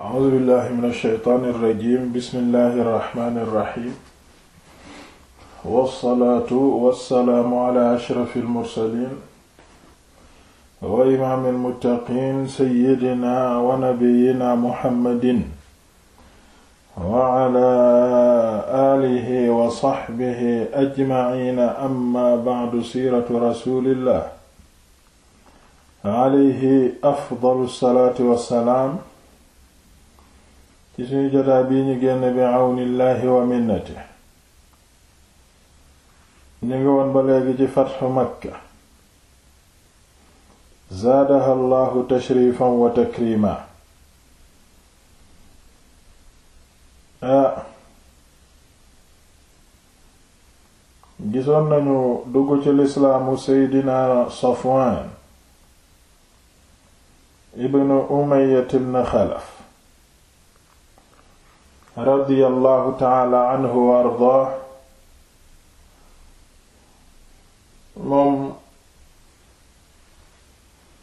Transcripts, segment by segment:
a'uuzu billahi min ash-shaytaani rajim bismillahi irrahmani irrahim wassalaatu wassalaamu ala ashrafi almursalin wa imaami almuttaqiin sayyidina wa nabiyina muhammadin wa ala aalihi wa saxbihi ajmaciina amma bacdu siiratu rasulillah alayhi afdalu salaatu wassalaam ci suñu jotaa bii ñu génn bi àwnillaahi wa minnati ñu ngi woon ba léegi ci fatxu makka zaadaha allahu tashrifan wa takrima ah gisoon nañu dugg ci lislaamu seydina safwaan ibnu umayyat ibn xalaf radiyallahu taala anhu wa ardaa moom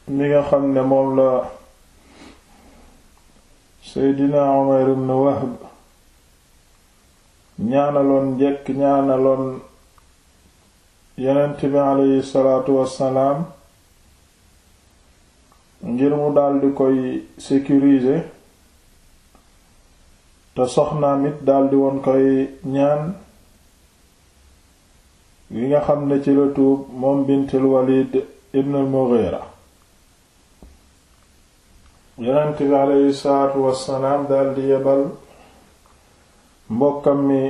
mi nga xam ne moom la seydina Umayr ibn Wahb ñaanaloon njekk ñaanaloon yonent bi aleyhi salaatu wassalaam ngir mu daldi koy sécuriser te soxnaam it daldi woon koy ñaan yi nga xam ne ci la tuub moom bintul Walid ibn al-Mughira bi aleyhi salaatu wassalaam daldi yebal mbokkam mi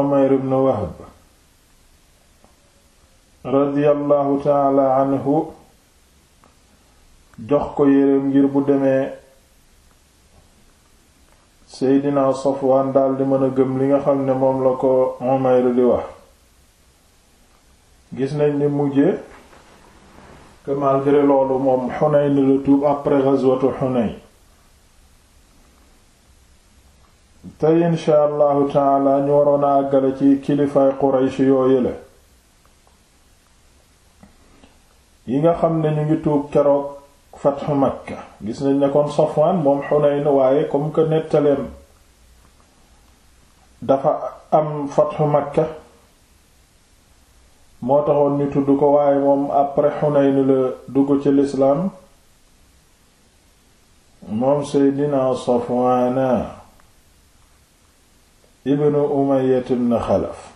Umayr ibn Wahb radiyallahu taala anhu jox ko yéreem ngir bu demee seydina Safwaan di mën a gëm li nga xam ne moom la ko Umayr di wax gis nañ ni mujje que malgré loolu moom Hunayn la tuub après ghazwatu Hunayn tey incha allahu taala ñu waroon a àggale ci kilifaay Quraysh yooyu la yi nga xam ne ñu ngi tuub keroog fatxu makka gis nañ ne kon Safwan moom Xunayn waaye comme que nettaleem dafa am fatxu makka moo taxoon ñu tudd ko waaye moom après Xunayn la dugg ci lislaam moom Seydina Safwaana ibnu Umayya ibn Xalaf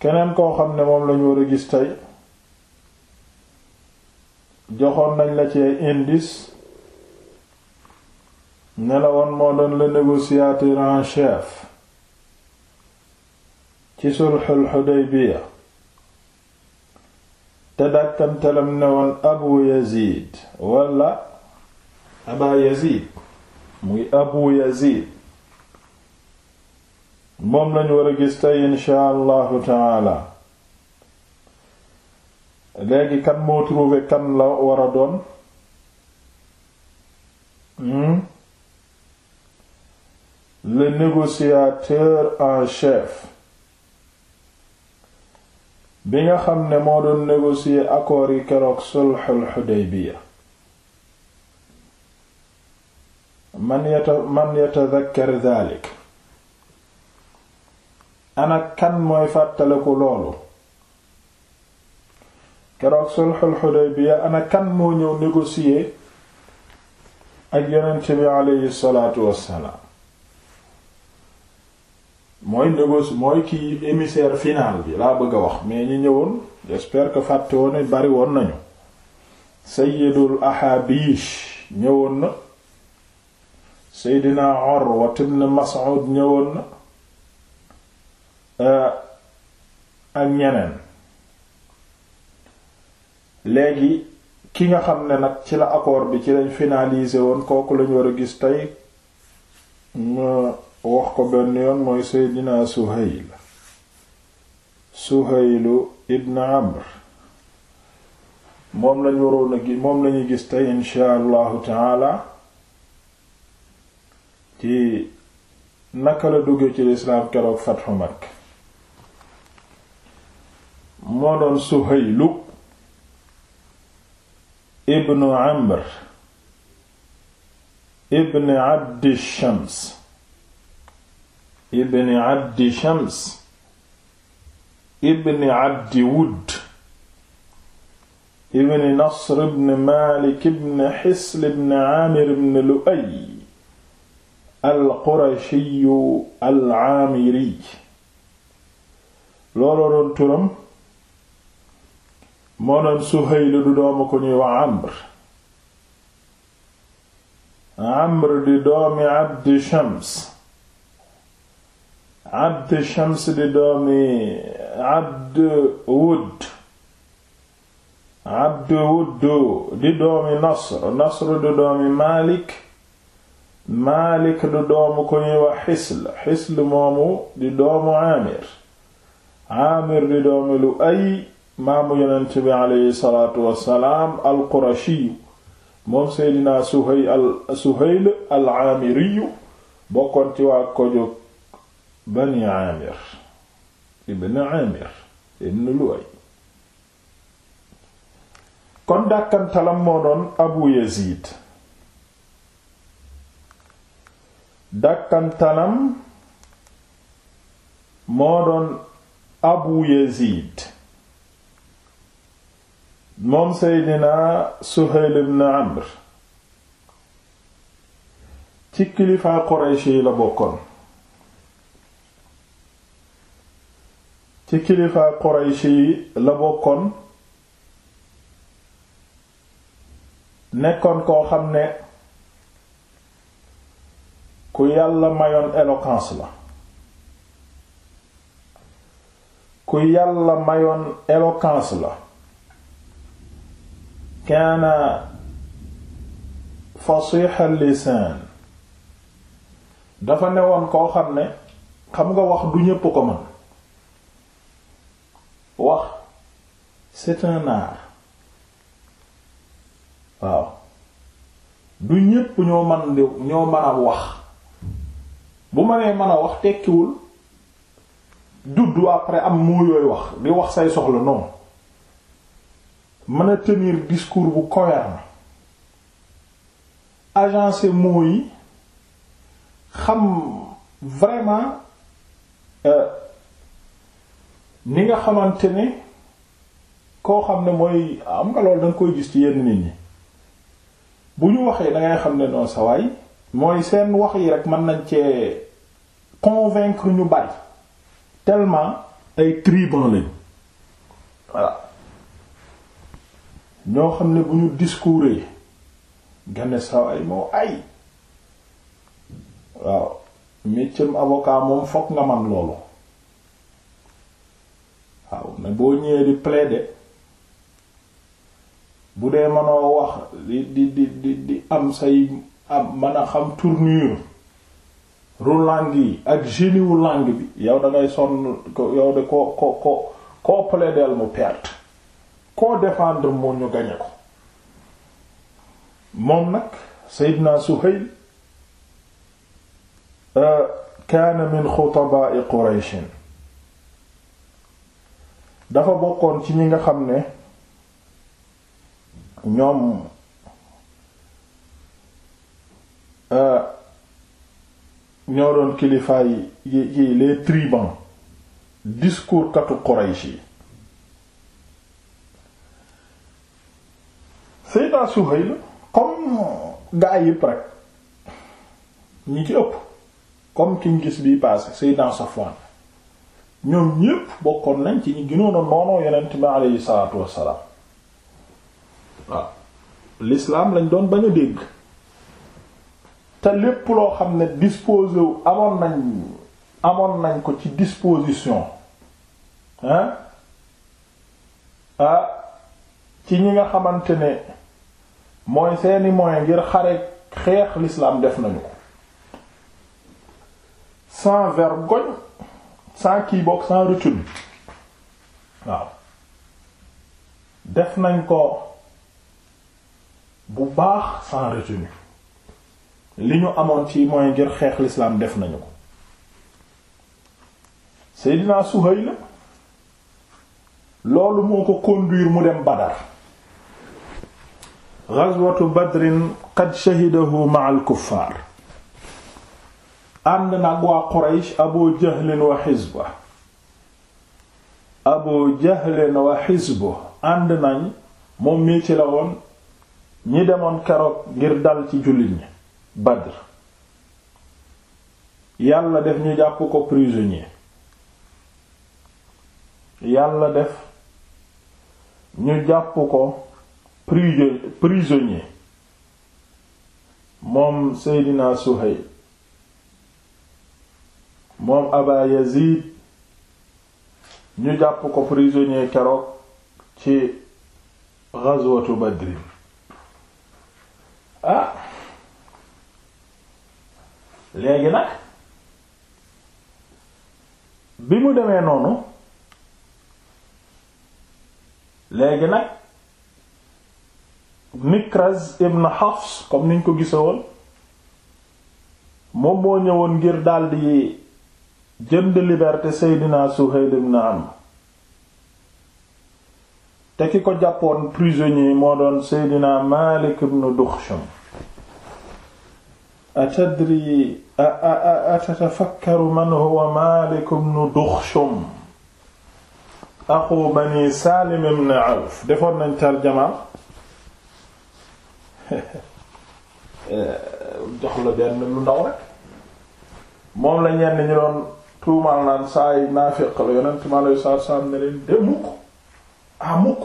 keneen koo xam ne moom lañu war a gis tey joxoon nañ la ci indice ne la woon moo doon le négociateur en chef ci sulxul Xudaybiya te dàkkantalam ne woon Abu Yazid walla Aba Yazid muy Abu Yazid moom lañu war gis tey insha allahu taala léegi kan moo trouvé kan la war a doon hmm? le en chef bi nga xam ne moo doon négocier accord yi keroog sulhul Hudaybiya man yata man yatadhakkar dhalik ana kan mooy fàttaliku loolu keroog sulxul xudaybiya ana kan moo ñëw négocier ak yonent bi aleyhi wassalaam mooy négocie mooy kii émissaire final bi laa bëgg a wax mais ñi ñëwoon j'espère que fàtte woon bari woon nañu sayyidul ahaabish ñëwoon na seydina Urwa ibn Mas'ud ñëwoon na ak ñeneen léegi ki nga xam ne nag ci la accord bi ci lañ finalisé woon kooku lañu war a gis tey ma wax ko benn yoon mooy Seydina Suhayl Suhaylu ibn Amr moom lañ waroon a gi moom lañuy gis tey insha allahu taala ci naka la dugge ci lislaam keroog Fathu Makka moo doon Suhaylu ibnu amr ibni abdi shams ibni abdi shams ibni abdi wudd ibni nasr ibni malik ibni xisl ibni aamir ibni lu'ay alqurashiyu alaamiri looloo doon turam moo doon Suhayl du doomu ko ñuy wax Amr Amr di doomi Abdi Shams Abdi Shams di doomi Abd Wudd Abd Wudd di doomi Nasr Nasr di doomi Malik Malik du doomu ko ñuy wax Hisl moomu di doomu Amir Amir di doomi Lu'ay maamu yonent bi aleyhi salaatu wassalaam al qurashi moom seydinaa suhayl al aamiriyu bokkoon ci waa ko jóg bani aamir ibn aamir ibn luway kon dàkkantalam moo doon abu yazid dàkkantalam moo doon abu yazid moom seydina Suhayl su Amr ci kilifa la bokkoon ci kilifa Quraysh yi la bokkoon nekkoon koo xam ne ku yàlla mayoon éloquence la ku yàlla mayoon éloquence la kaana fasiha lisaan dafa newoon koo xam ne xam nga wax du ñépp ko man wax c'est un waaw du ñépp ñoo man di ñoo mën a wax bu ma nee mën a wax tekkiwul juddu après am moo yooyu wax di wax say soxla noonu mën a tenir discours bu cohérent agencé mots yi xam vraiment euh, ni nga xamante ne koo xam ne mooy am nga loolu danga koy gis ci yenn nit ñi bu ñu waxee da xam ne noonu sawaay mooy seen wax yi rek mën nañ cee convaincre ñu bari tellement ay tribun lañ voilà ñoo xam ne bu ñu discouré gane saway moo ay waaw méccam avocat moom fokk nga man loolu waaw ne boo ñëwee di plaider bu dee mënoo wax di di di di am say am mën a xam tournure ru langue yi ak génie wu bi yow da sonn ko yow de ko ko ko koo plaideel mu perte koo défendre moo ñu gañe ko moom nag Seydina Suhayl euh, kaana min xutabaa'i Qurayshin dafa bokkoon ci ñi nga xam ne ñoom euh, ñoo doon kilifaay yi les tribans discours katu Quraysh Seydina Suhayl comme gaa yëpp rek ñi ci ëpp comme ki ñu gis bii passé Seydina Safwan ñoom ñépp bokkoon nañ ci ñi gënoon a noonoo yonent bi aleyhi salaatu wassalaam waaw l'islam lañ doon bañ dégg te lépp loo xam ne disposé wu amoon nañ amoon nañ ko ci disposition hein ah ci ñi nga xamante ne mooy seeni moyen ngir xare xeex l'islam def nañu ko sans vergogne sans kii bokk sans retour waaw def nañ ko bu baax sans retenue li ñu amoon ci mooy ngir xeex l'islam def nañu ko Seydina Suhayl la loolu moo ko conduire mu dem Badar ghazwatu badrin qad shahidahu ma'al kuffaar ànd nag waa quraysh abu jahlin wa xisba abu jahlin wa xisbu ànd nañ moom mii ci la woon ñi demoon keroog ngir dal ci jullit ñi badr yàlla def ñu jàpp ko prisonnier yàlla def ñu jàpp ko prisonnier moom Seydina Suhayl moom Aba Yazid ñu jàpp ko prisonnier keroog ci ghazwatu Badr ah léegi nag bi mu demee noonu léegi nag Mikraz ibn Hafs comme niñ ko gisa woon moom moo ñëwoon ngir daldi jënd liberté Seydina Suhayl ibn Amr te ki ko jàppoon prisonnier moo doon Seydina Malik ibn Dukhsham atadri atatafakkaru man huwa Malik ibn Dukhsham axu bani Salim ibn Awf defoon nañ tarjama Eh, jox la benn lu ndaw rek moom la ñenn ñu doon tuumaal naan saa yi naafiq la yonent mi alayhi salaatu salaam ne leen de mukk ah mukk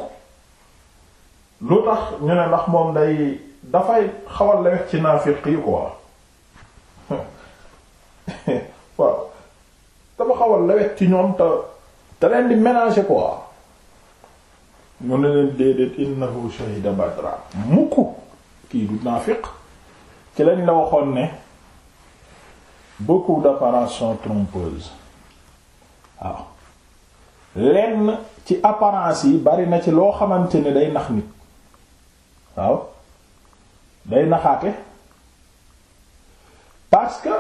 lu tax ñu ne ndax moom day dafay xawal la ci ci ñoom te te leen di ménager quoi mu ne leen déedéet innahu shahida badra mukk kii du naafiq ci lañ la waxoon ne beaucoup d'apparences sont trompeuses waaw lenn ci apparence yi bari na ci loo xamante ni day nax nit waaw day naxaate parce que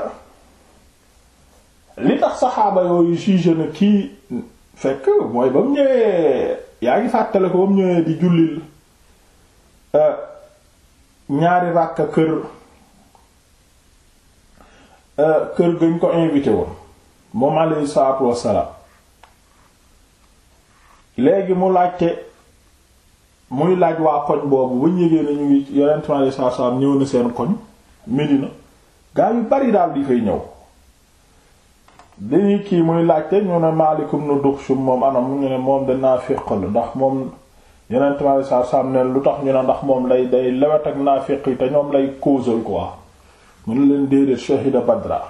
li tax saxaaba yooyu jugé na kii fekk mooy ba mu ñëwee yaa ngi fàttale ko ba mu ñëwee di jullil euh, ñaari ràkka kër euh, kër gañ ko invité woon moom alayhi salaatu wassalaam léegi mu laajte muy laaj waa koñ boobu ba ñu yëgee ne ñu ngi yonent alayhi salaatu wassalaam ñëw na seen koñ Medina gaa yu bari daal di fay ñëw dañuy kii muy laajte ñu ne Maalik ibn Duxsum moom anam mu ñu ne moom danaa féqal ndax moom yeneen tamit saa saam ne lu tax ñu ne ndax moom lay day lewet ak naafiq yi te ñoom lay causal quoi mu ne leen déedéet shahida badra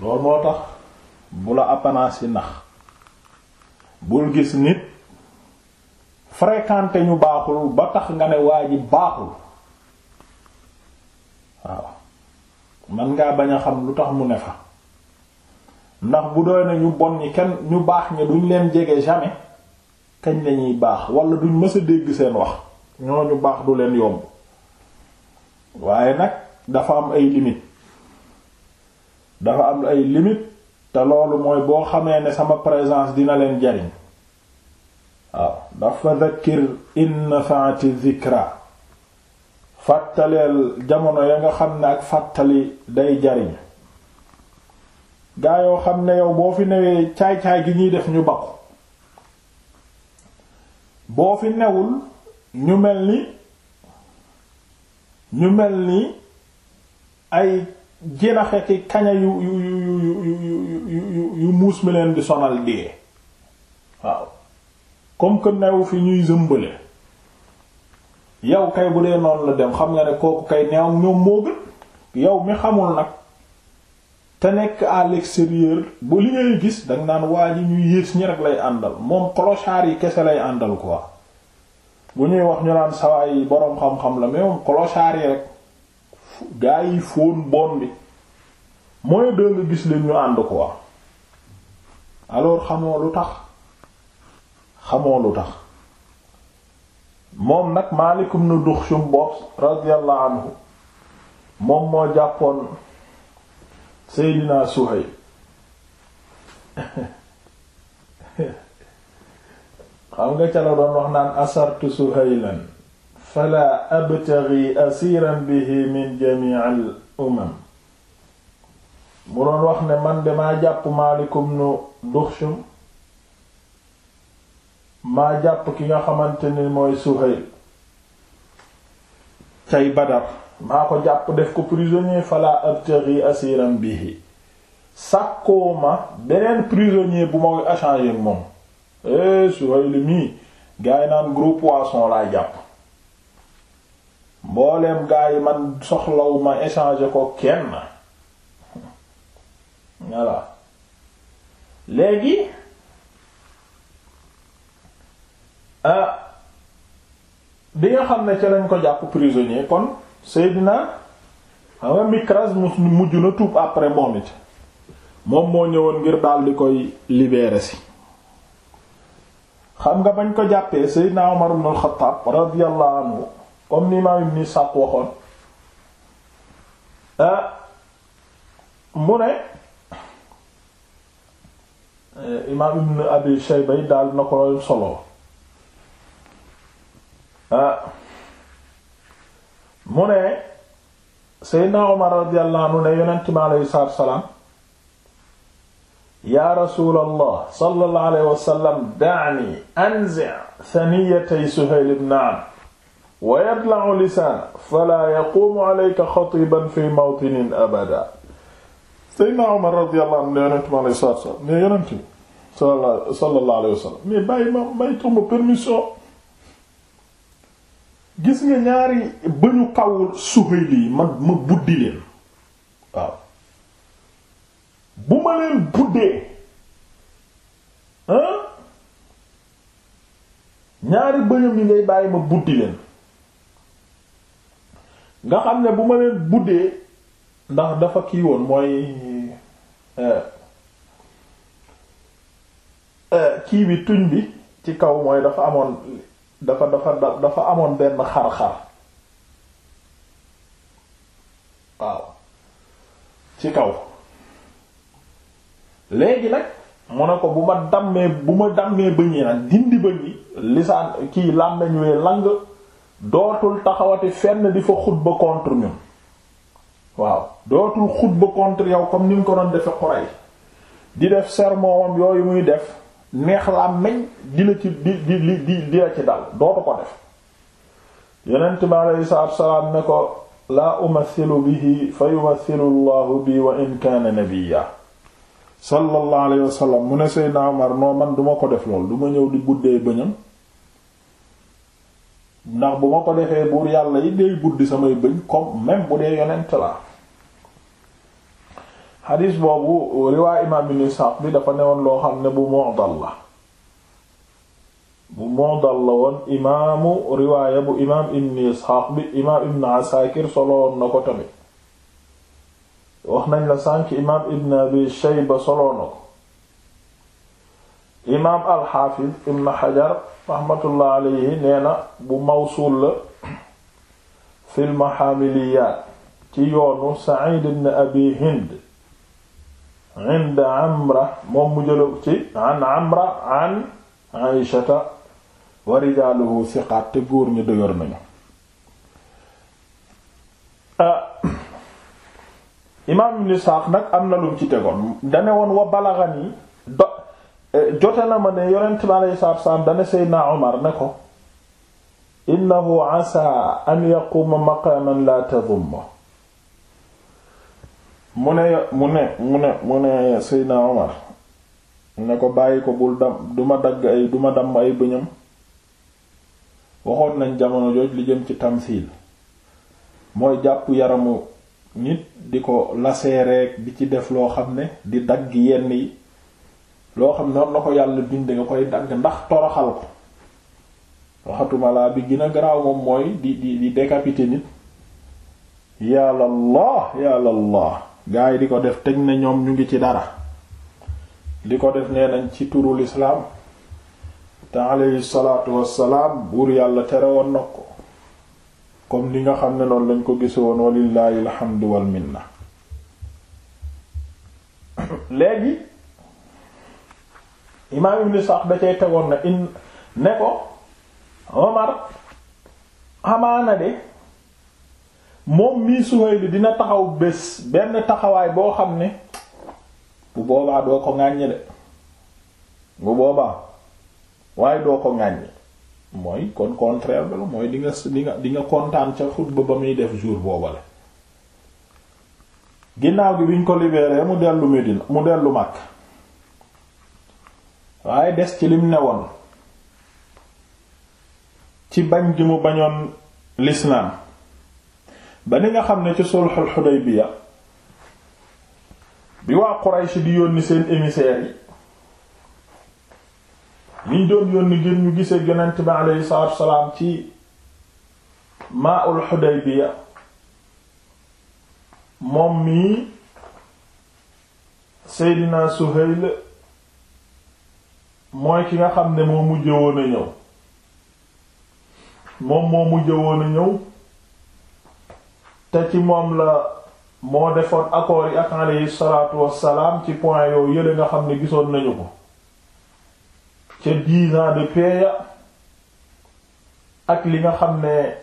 loolu moo tax bu la apanaas yi nax bul gis nit fréquenté ñu baaxul ba tax nga ne waa ji baaxul waaw man ngaa bañ a xam lu tax mu ne fa ndax bu doy na ñu bon ñi kenn ñu baax ñi duñ leen jege jamais. kañ lañuy baax wala du mës a dégg seen wax ñooñu baax du leen yomb waaye nag dafa am ay limite dafa am ay limite te loolu mooy boo xamee ne sama présence dina leen jariñ waaw ndax fa dhakkir in nafaati dhikra fàttaleel jamono ya nga xam ne ak fàttali day jariñ gaa yoo xam ne yow boo fi newee caay caay gi ñuy def ñu baqu boo fi newul ñu mel ni ñu mel ni ay jinaxe ci kaña yu yu yu yu yu yu muus mi leen di sonal dee waaw comme que newu fi ñuy zëmbale yow kay bu dee noonu la dem xam nga ne kooku kay neew ñoom moo gën yow mi xamul nag te nekk à l'extérieur li ngay gis danga naan waa ji ñuy yées ñi rek lay àndal moom clochard yi kese lay àndal quoi bu ñuy wax ñu naan sawaay yi boroom xam-xam la mais moom clochard yi rek gaa yi fóon bon bi mooy doo nga gis leen ñu ànd quoi alors xamoo lu tax xamoo lu tax moom nag Maalik ibn Duxsum bopp radiyallahu anhu moom moo jàppoon Seydina Suhayb xam nga ca doon wax naan asartu Suhaylan fala abtaghi asiran bihi min jami'il umam mu doon wax ne man damaa jàpp Maalikum nu Duxshum maa jàpp ki nga xamante ni mooy Suhayl cay Badar maa ko jàpp def ko prisonnier fala abtaghi asiran bihi sàkkoo ma beneen prisonnier bu ma koy échanger moom eh Suhayl mi gaa yi naan gros poisson laa jàpp mbooleem gaa yi man soxlaw ma échanger ko kenn voilà léegi ah bi nga xam ne ca lañ ko jàpp prisonnier kon Seydina xam nga Mikraz mu mujj na tuub après moom moom moo ñëwoon ngir daal di koy libérer si xam nga bañ ko jàppee Seydina Omar ibn al-Khattab radiyallahu anhu comme ni imaam Ibn Sa'd waxoon ah, mu ne eh, imaam Ibn Abi Shayba daal na ko solo ah, mu ne Seydina Umar radiyallahu anhu ne yonent mi aleyhi salaatu wa salaam yaa rasuulallah sallallahu alayhi wa sallam da'ni anzi' thaniyatay Suhayl ibn Amr wa yadla'u lisaanahu falaa yaquumu alayka khatiiban fii mawtinin abadan Seydina Umar radiyallahu anhu ne yonent mi aleyhi salaatu wa salaam ne yonent mi sallallahu alayhi wa sallam mais bàyyi ma may tomb permission gis nga ñaari bëñu kaw Suhayli ma ma buddi leen waaw bu ma leen buddee hein ñaari bëñam yi ngay bàyyi ma buddi leen nga xam ne bu ma leen buddee ndax dafa kii woon mooy euh, euh, kii bi tuñ bi ci kaw mooy dafa amoon dafa dafa dafa amoon benn xar-xar waaw ci kaw léegi nag mu ne ko bu ma dammee bu ma dammee bëñ yi nag dindi bëñ yi lisaan kii làmmeñ wee lang dootul taxawati fenn di fa xutba contre ñun waaw dootul xutba contre yow comme ni mu ko doon defe Quraysh di def sermon wam yooyu muy def neex la meñ di la ci di di di di la ci dal dootu ko def yonent bi aleyhi salaatu ne ko laa umathilu bihi fa yumathilu bi wa in kaana nabiyya sallallahu alayhi wasallam mu ne Seydina Omar noo man duma ko def lool duma ñëw di buddee bëñam ndax bu ma ko defee buur yàlla yi day buddi samay bëñ comme même bu dee yonent la xadis boobu riwaay imaam ibn Isaaq bi dafa newoon loo xam ne bu mu'dal la bu mu'dal la woon imaamu riwaaya bu imaam ibn Isaaq bi imaam ibn ko tamit nañ la sànk imaam ibn Abi Shayba soloon na imaam al-Hafiz ibn Hajar rahmatullah alayhi nee na bu mawsuul la fil mahaamiliyaat ci yoonu Sa'id Abi Hind inda amra moom mu jëloo ci an amra an aishata wa rijaaluhu siqaat te góor ñu dëgër nañu ah, imaam ibn Isaaq nag am na lum ci tegoon dane woon wa balaghani do eh, jote na ma ne yonent bi alayhi salaatu wassalaam dane Seydina Omar ne ko innahu asaa an yaquuma maqaaman laa tadumma mu ne mu ne mu ne mu ne Seydina Omar ne ko bàyyi ko bul dam duma dagg ay duma damm ay bëñam waxoon nañ jamono jooj li jëm ci tamsiil mooy jàpp yaramu nit di ko laseereek di ci def loo xam ne di dagg yenn yi loo xam ne war na ko yàlla bind nga koy dagg ndax toroxal ko waxatuma laa bi gën a garaaw moom mooy di di di décapiter nit yàlla Allah yàlla Allah gaa yi di ko def teg na ñoom ñu ngi ci dara li ko def nee nañ ci turu lislaam te aleyhi salaatu wassalaam buur yàlla tere woon na ko kom li nga xam ne noonu lañ ko gise woon walillaahi alhamdu wal minna léegi imaam ibn Sa'd da cay tegoon na in ne ko Omar xamaana de moom mii Suhayl dina taxaw bés benn taxawaay boo xam ne bu boobaa doo ko ŋàññi de bu boobaa waaye doo ko ŋàññi mooy kon contraire bi mooy di nga di nga kontaan ca xutba ba muy def jour boobale ginnaaw gi biñ ko libéré mu dellu Médine mu dellu Makka waaye des ci lim ne woon ci bañ gi mu bañoon l'islam ba ni nga xam ne ci sulhul Hudaybiya bi waa Quraysh di yónni seen émissaires yi liñ doon yónni ngir ñu gisee yonent bi aleyhi salaatu salaam ci Maa'ul Hudaybiya moom mii Seydina Suhayl mooy ki nga xam ne moo mujj woon a ñëw moom moo mujj woon a ñëw te ci moom la moo defoon accords yi ak aleyhi salaatu wassalaam ci point yooyu yële nga xam ne gisoon nañu ko ci dix ans de paix ak li nga xam ne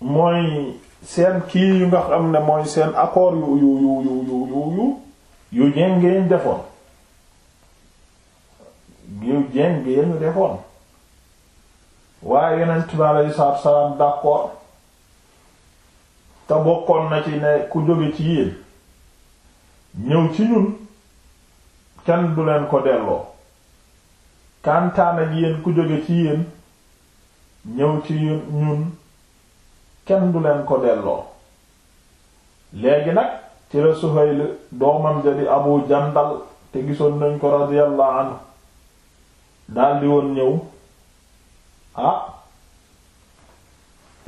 mooy seen kii yu nga xam ne mooy seen accord yu yu yu yu yu yu yu yu jéngeeñ defoon yu jéngeeñu defoon waaye yeneen bi aleyi salaatu salaam d'accord te bokkoon na ci ne ku jóge ci yéen ñëw ci ñun kenn du leen ko delloo kantaan ak yéen ku jóge ci yéen ñëw ci ñun kenn du leen ko delloo léegi nag ci la Suhayl doomam ja di Abu Jandal te gisoon nañ ko radiyallahu anhu daldi woon ñëw ah,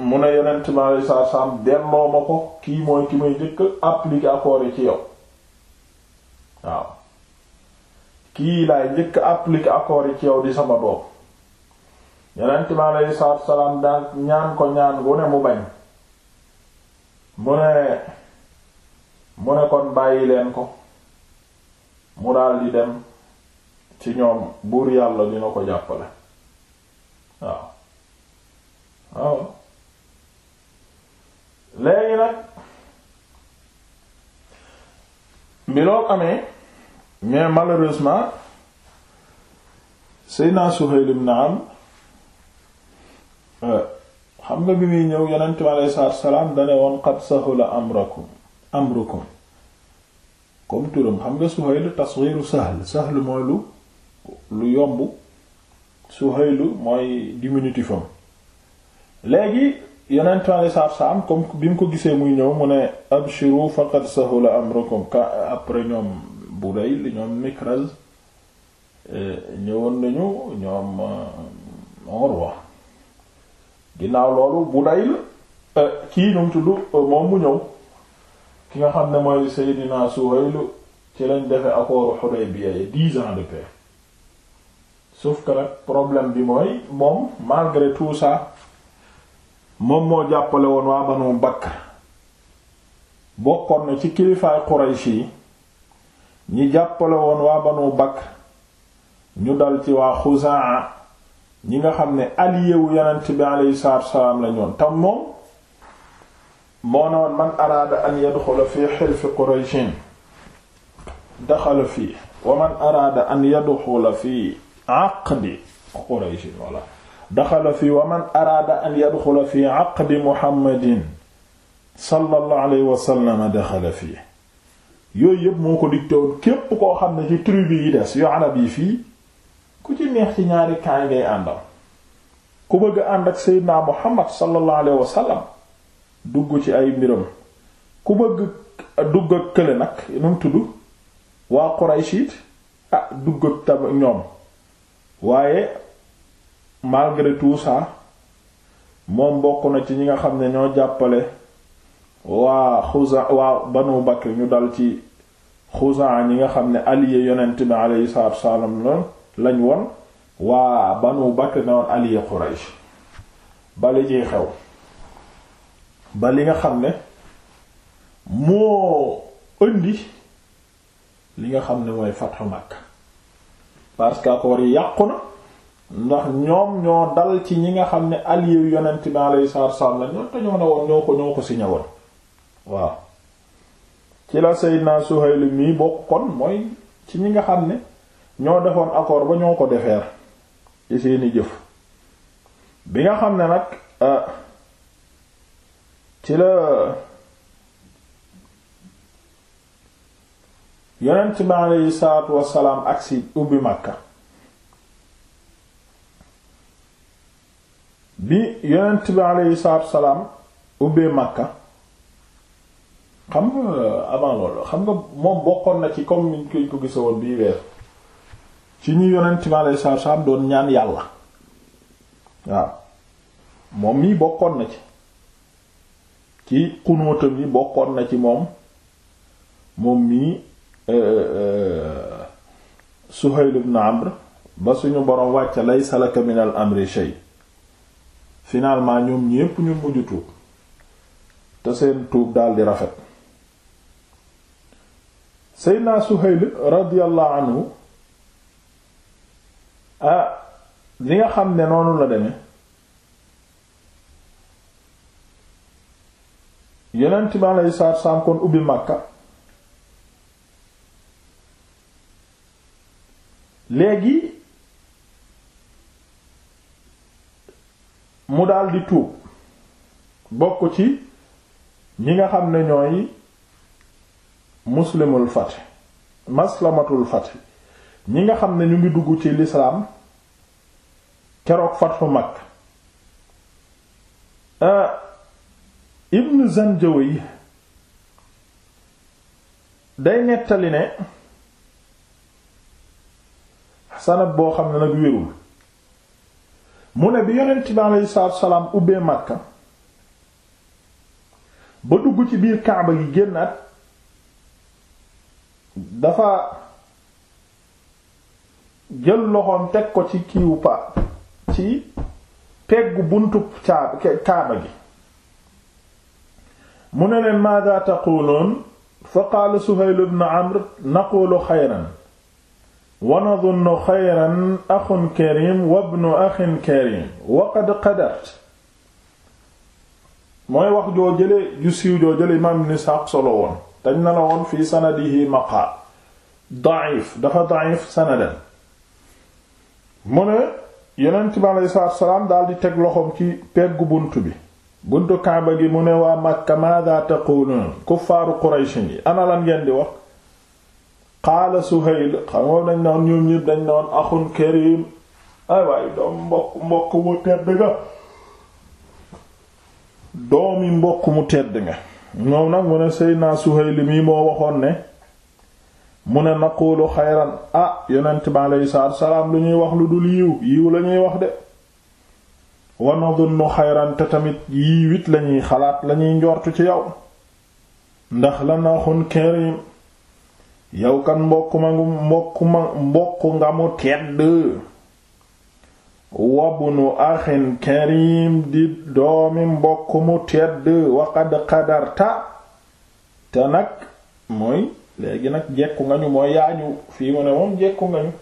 mu ne yonent mi alayhi salaatu salaam delloo ma ko kii mooy ki may njëkk appliquer accord ci yow waaw kii laay njëkk appliquer accord ci yaw di sama doom yonent mi alayhi daal ñaan ko ñaan gu ne mu bañ mu ne mu ne kon bàyyi leen ko mu daal di dem ci ñoom buur yàlla dina ko jàppale waaw waaw léegi nag bi loolu amee mais malheureusement Seydina Suhayl ibn Amr euh, xam nga bi muy ñëw yonent bi aleyhi salaatu salaam dane woon qad sahula amrakum amrukum comme turam xam nga Suhayl tasghiru sahl sahl mooy lu lu yomb Suhayl mooy diminutif am léegi yeneen mi alayhi salaatu comme bi mu ko gisee muy ñëw mu ne abshiru faqad sahula amrukum ka après ñoom Budayl ñoom Mikraz eh, ñëwoon nañu ñoom eh, Urwa ginnaaw loolu Budayl eh, kii ñu tudd moom mu ñëw ki nga xam ne mooy Seydina Suhayl ci lañ defe accord Hudaybiya dix ans de paix sauf que nag problème bi mooy moom malgré tout ça moom moo jàppale woon waa mu Bakr bokkoon na ci kilifaay Quraysh yi ñi jàppale woon waa Banu Bakr ñu dal ci waa Xuzaa ñi nga xam ni allié wu Yonent bi aleyhi salaatu wasalaam lañu woon tam moom moo ne woon man araada an yadxula fi xilfi Qurayshin daxala fii wa man araada an yadxula fi aqdi Qurayshin walla daxala fi wa man araada an yadxula fi aqdi muhammadin sallallahu alayhi wa sallam daxala fi yooyu yëpp moo ko dicté woon képp koo xam ne ci tribu yi des yu arab yi fii ku ci neex ci ñaari kaay ngay àndal ku bëgg ànd ak seydinaa muhammad sallallahu alayhi wa sallam dugg ci ay mbiram ku bëgg dugg ak kële nag nu mu tudd waa Quraysh it ah dugg ak tam ñoom waaye malgré tout ça moom bokk na ci ñi nga xam ne ñoo jàppale waa xusa waa banu bakk ñu dal ci xusa ñi nga xam ne allié yonent bi alayhi salaatu lañ won waa banu bakk ne woon allié Quraysh bali ciy xew ba li nga xam ne moo indi li nga xam ne mooy fatxu Makka parce que accord yi yàqu na ndax ñoom ñoo dal ci ñi nga xam ne allié yonent bi alayhi salaatu wasallam la ñoo te ñoo ne woon ñoo ko ñoo ko signé woon waaw ci la Seydina Suhayl mii bokk mooy ci ñi nga xam ne ñoo defoon accord ba ñoo ko defeer ci seeni jëf bi nga xam ne nag euh, ci la yonent bi alayhi salaatu wasallam agsi ubbi Makka bi yonent bi aleyhi salaatu salaam ubbee màkka xam nga avant loolu xam nga moom bokkoon na ci comme niñ koy ko gisoon bii weer ci ñi yonent bi aleyhi salaatu salaam doon ñaan yàlla waaw moom mii bokkoon na ci ci xunóotam yi bokkoon na ci moom moom mii euh, euh, Suhayl ibn Amr ba suñu borom wàcc laysa laka minal amri shay finalement ñoom ñépp ñu mujj tuub te seen tuub daldi rafet seydna Suhayl radiyallahu anhu ah li nga xam ne noonu la deme yonent bi alayhi salaatu wa salaam kon ubbi Makka léegi mu daldi tuub bokk ci ñi nga xam ne ñooy muslimul fath maslamatul fath ñi nga xam ne ñu ngi dugg ci lislaam keroog mag Makka euh, Ibn yi day nettali ne sanad boo xam ne nag wérul mu ne bi yonent bi aleyhi salaatu ubbee Makka ba dugg ci biir Kaaba gi génnaat dafa jël loxoom teg ko ci kiiwu pa ci peggu buntu Kaaba gi mu ne leen maada taquluun fa qaala Suhayl ibn Amr naqulu xayran wa nadunnu xayran axun karim wa ibnu axin karim wa qad qadart mooy wax joo jële ju siiw joo jële imaam ibn Isxaaq solo woon dañ na la woon fii sanadihi maqaal daif dafa daal di teg loxoom ci peggu bunt bi buntu kaaba gi mu ne waa Makka maada taquluun kuffaaru Quraysh yi ana lan ngeen di wax qaala Suhayl xam nga dañ naan ñoom ñépp dañ naan axun karim ay waaye doom mbokk mbokk mu tedd nga doomi mbokk mu tedd nga ñoom nag mu ne Seydina mii moo waxoon ne mu ne naqulu xayran ah yonent bi aleyhi salaatu salaam lu ñuy wax lu dul yiw yiw la ñuy wax de wa nadunnu xayran te tamit yiiw it lañuy xalaat lañuy njortu ci yaw ndax la na karim yow kan mbokk ma mbokk ma mbokk nga mu tedd wabnu axin karim di doomi mbokk mu tedd waqad qadarta te nag mooy léegi nag jekku nga ñu mooy yaaju fii mu ne moom jekku nga ñu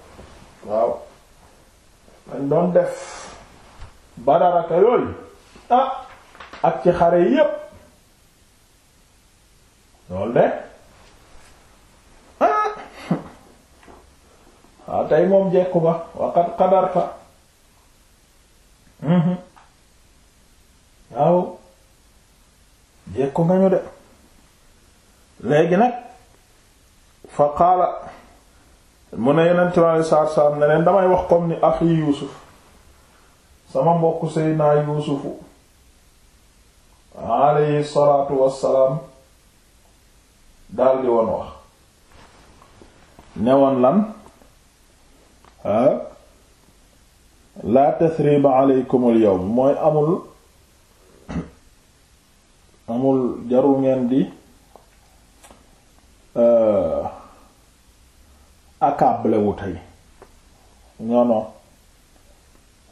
waaw dañ doon def badaraka yooyu ah ak ci xare yépp loolu de waaw tey moom jekku nga waqad qadarta mhm. waaw jekku nga ñu de léegi nag fa qaala mu ne yeneen ci wàllu saa saa damay wax comme ni axi Yuusuf sama mbokk Seydina Yuusufu alayhi salaatu wassalaam daldi woon wax ne woon lan. ah la tasriba aleykum mooy amul amul jarul ngeen di euh, accablé wu tey non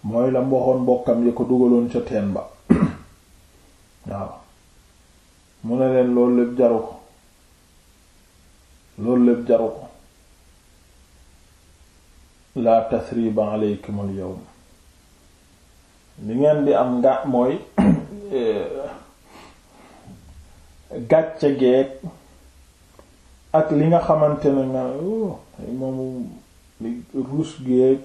mooy la mboxoon mbokkam yi ko dugaloon ca teen ba waaw mu ne leen loolu lépp jaru ko loolu lépp jaru ko la tasriba aleykum al li ngeen di am nga mooy eh, gàcce geeg ak li nga xamante ne nga oh, moom ruus geeg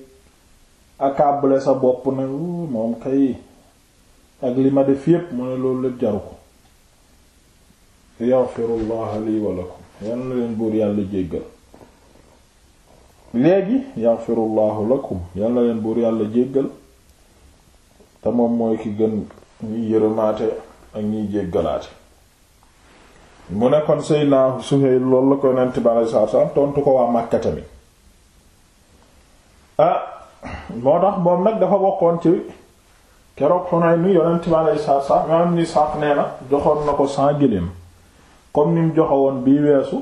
accable sa bopp ne oh, moom kay ak li ma def yépp mu loolu la jaru ko yaghfirullah li wa lakum yal na leen buur yàlla jéggal léegi yaxfirullahu lakum yal leen buur yàlla jéggal te moom mooy ki gën ñuy yërëmaate ak ñuy jéggalaate mu ne kon su Suhayl loolu la koy nent bale saa saa tontu ko waa Makka tamit ah moo tax moom nag dafa bokkoon ci keroog xunay nu yonent bi alei saatu salam maam ni saaq nee na joxoon na ko cent comme ni mu joxe woon bii weesu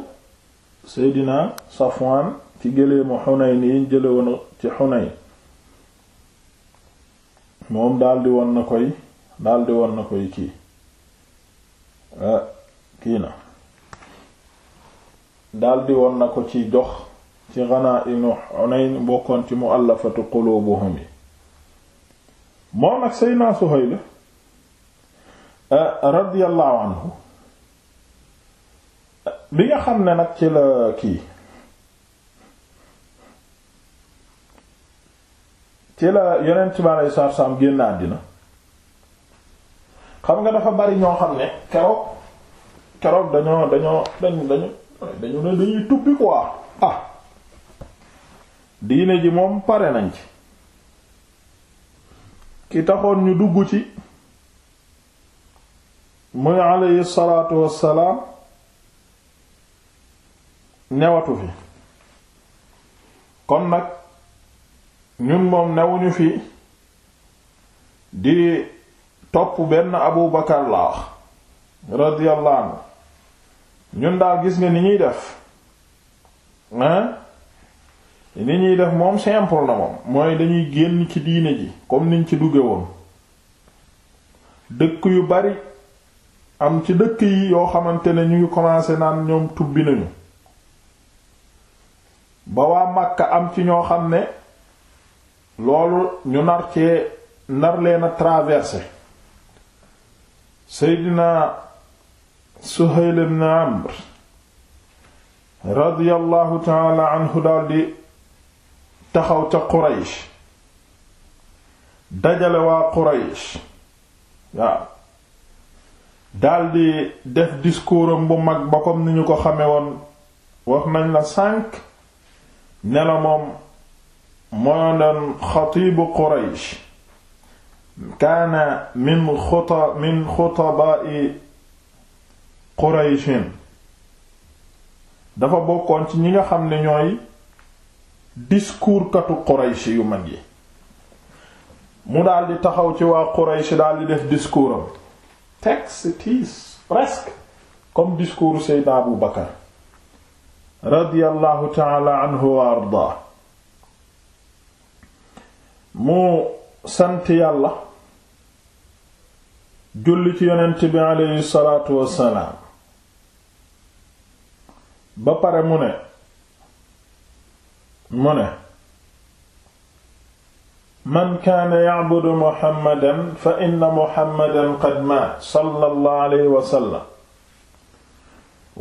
Seydina Safwan ci gëleemu Xunayn yiñ jële woon ci Xunayn moom daldi won na koy daldi woon na koy kii eh, kii na daldi woon na ko ci jox ci ganaa'imu Xunayn bokkoon ci mu'allafatu quluubuhum yi moom ak Seydina Suhayl eh, radiyallahu anhu bi nga xam ne nag ci la kii ci la yonent bi aleyhi salaatu salaam génn àddina xam nga dafa bari ñoo xam ne keroog keroog dañoo dañoo dañu dañu dañu ne dañuy tubbi quoi ah diine ji moom pare nañ ci ki taxoon ñu dugg ci muy aleyhi salaatu wassalaam newatu fi kon nag ñun moom newuñu fi di topp benn Abu Bakar la wax radiyallahu ñun daal gis nga ni ñuy def hein ni ñuy def moom simple na moom mooy dañuy génn ci diine ji comme niñ ci dugge woon dëkk yu bari am ci dëkk yi yoo xamante ne ñu ngi commencé naan ñoom tubbi nañu ba waa Makka am ci ñoo xam ne loolu ñu nar cee nar leen a traversé seydina Suhayl ibn Amr radiyallahu anhu daldi taxaw ca Quraysh dajale waa Quraysh daldi def discours am bu mag ba comme ni ñu ko xame woon wax nañ la sànq ne moom moo doon xatibu Quraysh kaana min xuta min xutabaa'i Qurayshin dafa bokkoon ci ñi nga xam ne ñooy discours katu Quraysh yu mag yi mu daldi taxaw ci waa Quraysh daldi def discours am texte tiis presque comme discours Seydina Abu Bakar radiyallahu ta'ala anhu wa ardaa mu sant yàlla julli ci yonent bi aleyhi salaatu wassalaam ba pare mu ne mu ne man kaana yacbudu muhammadan fa inna muhammadan qad maat sallallahu alayhi wa sallam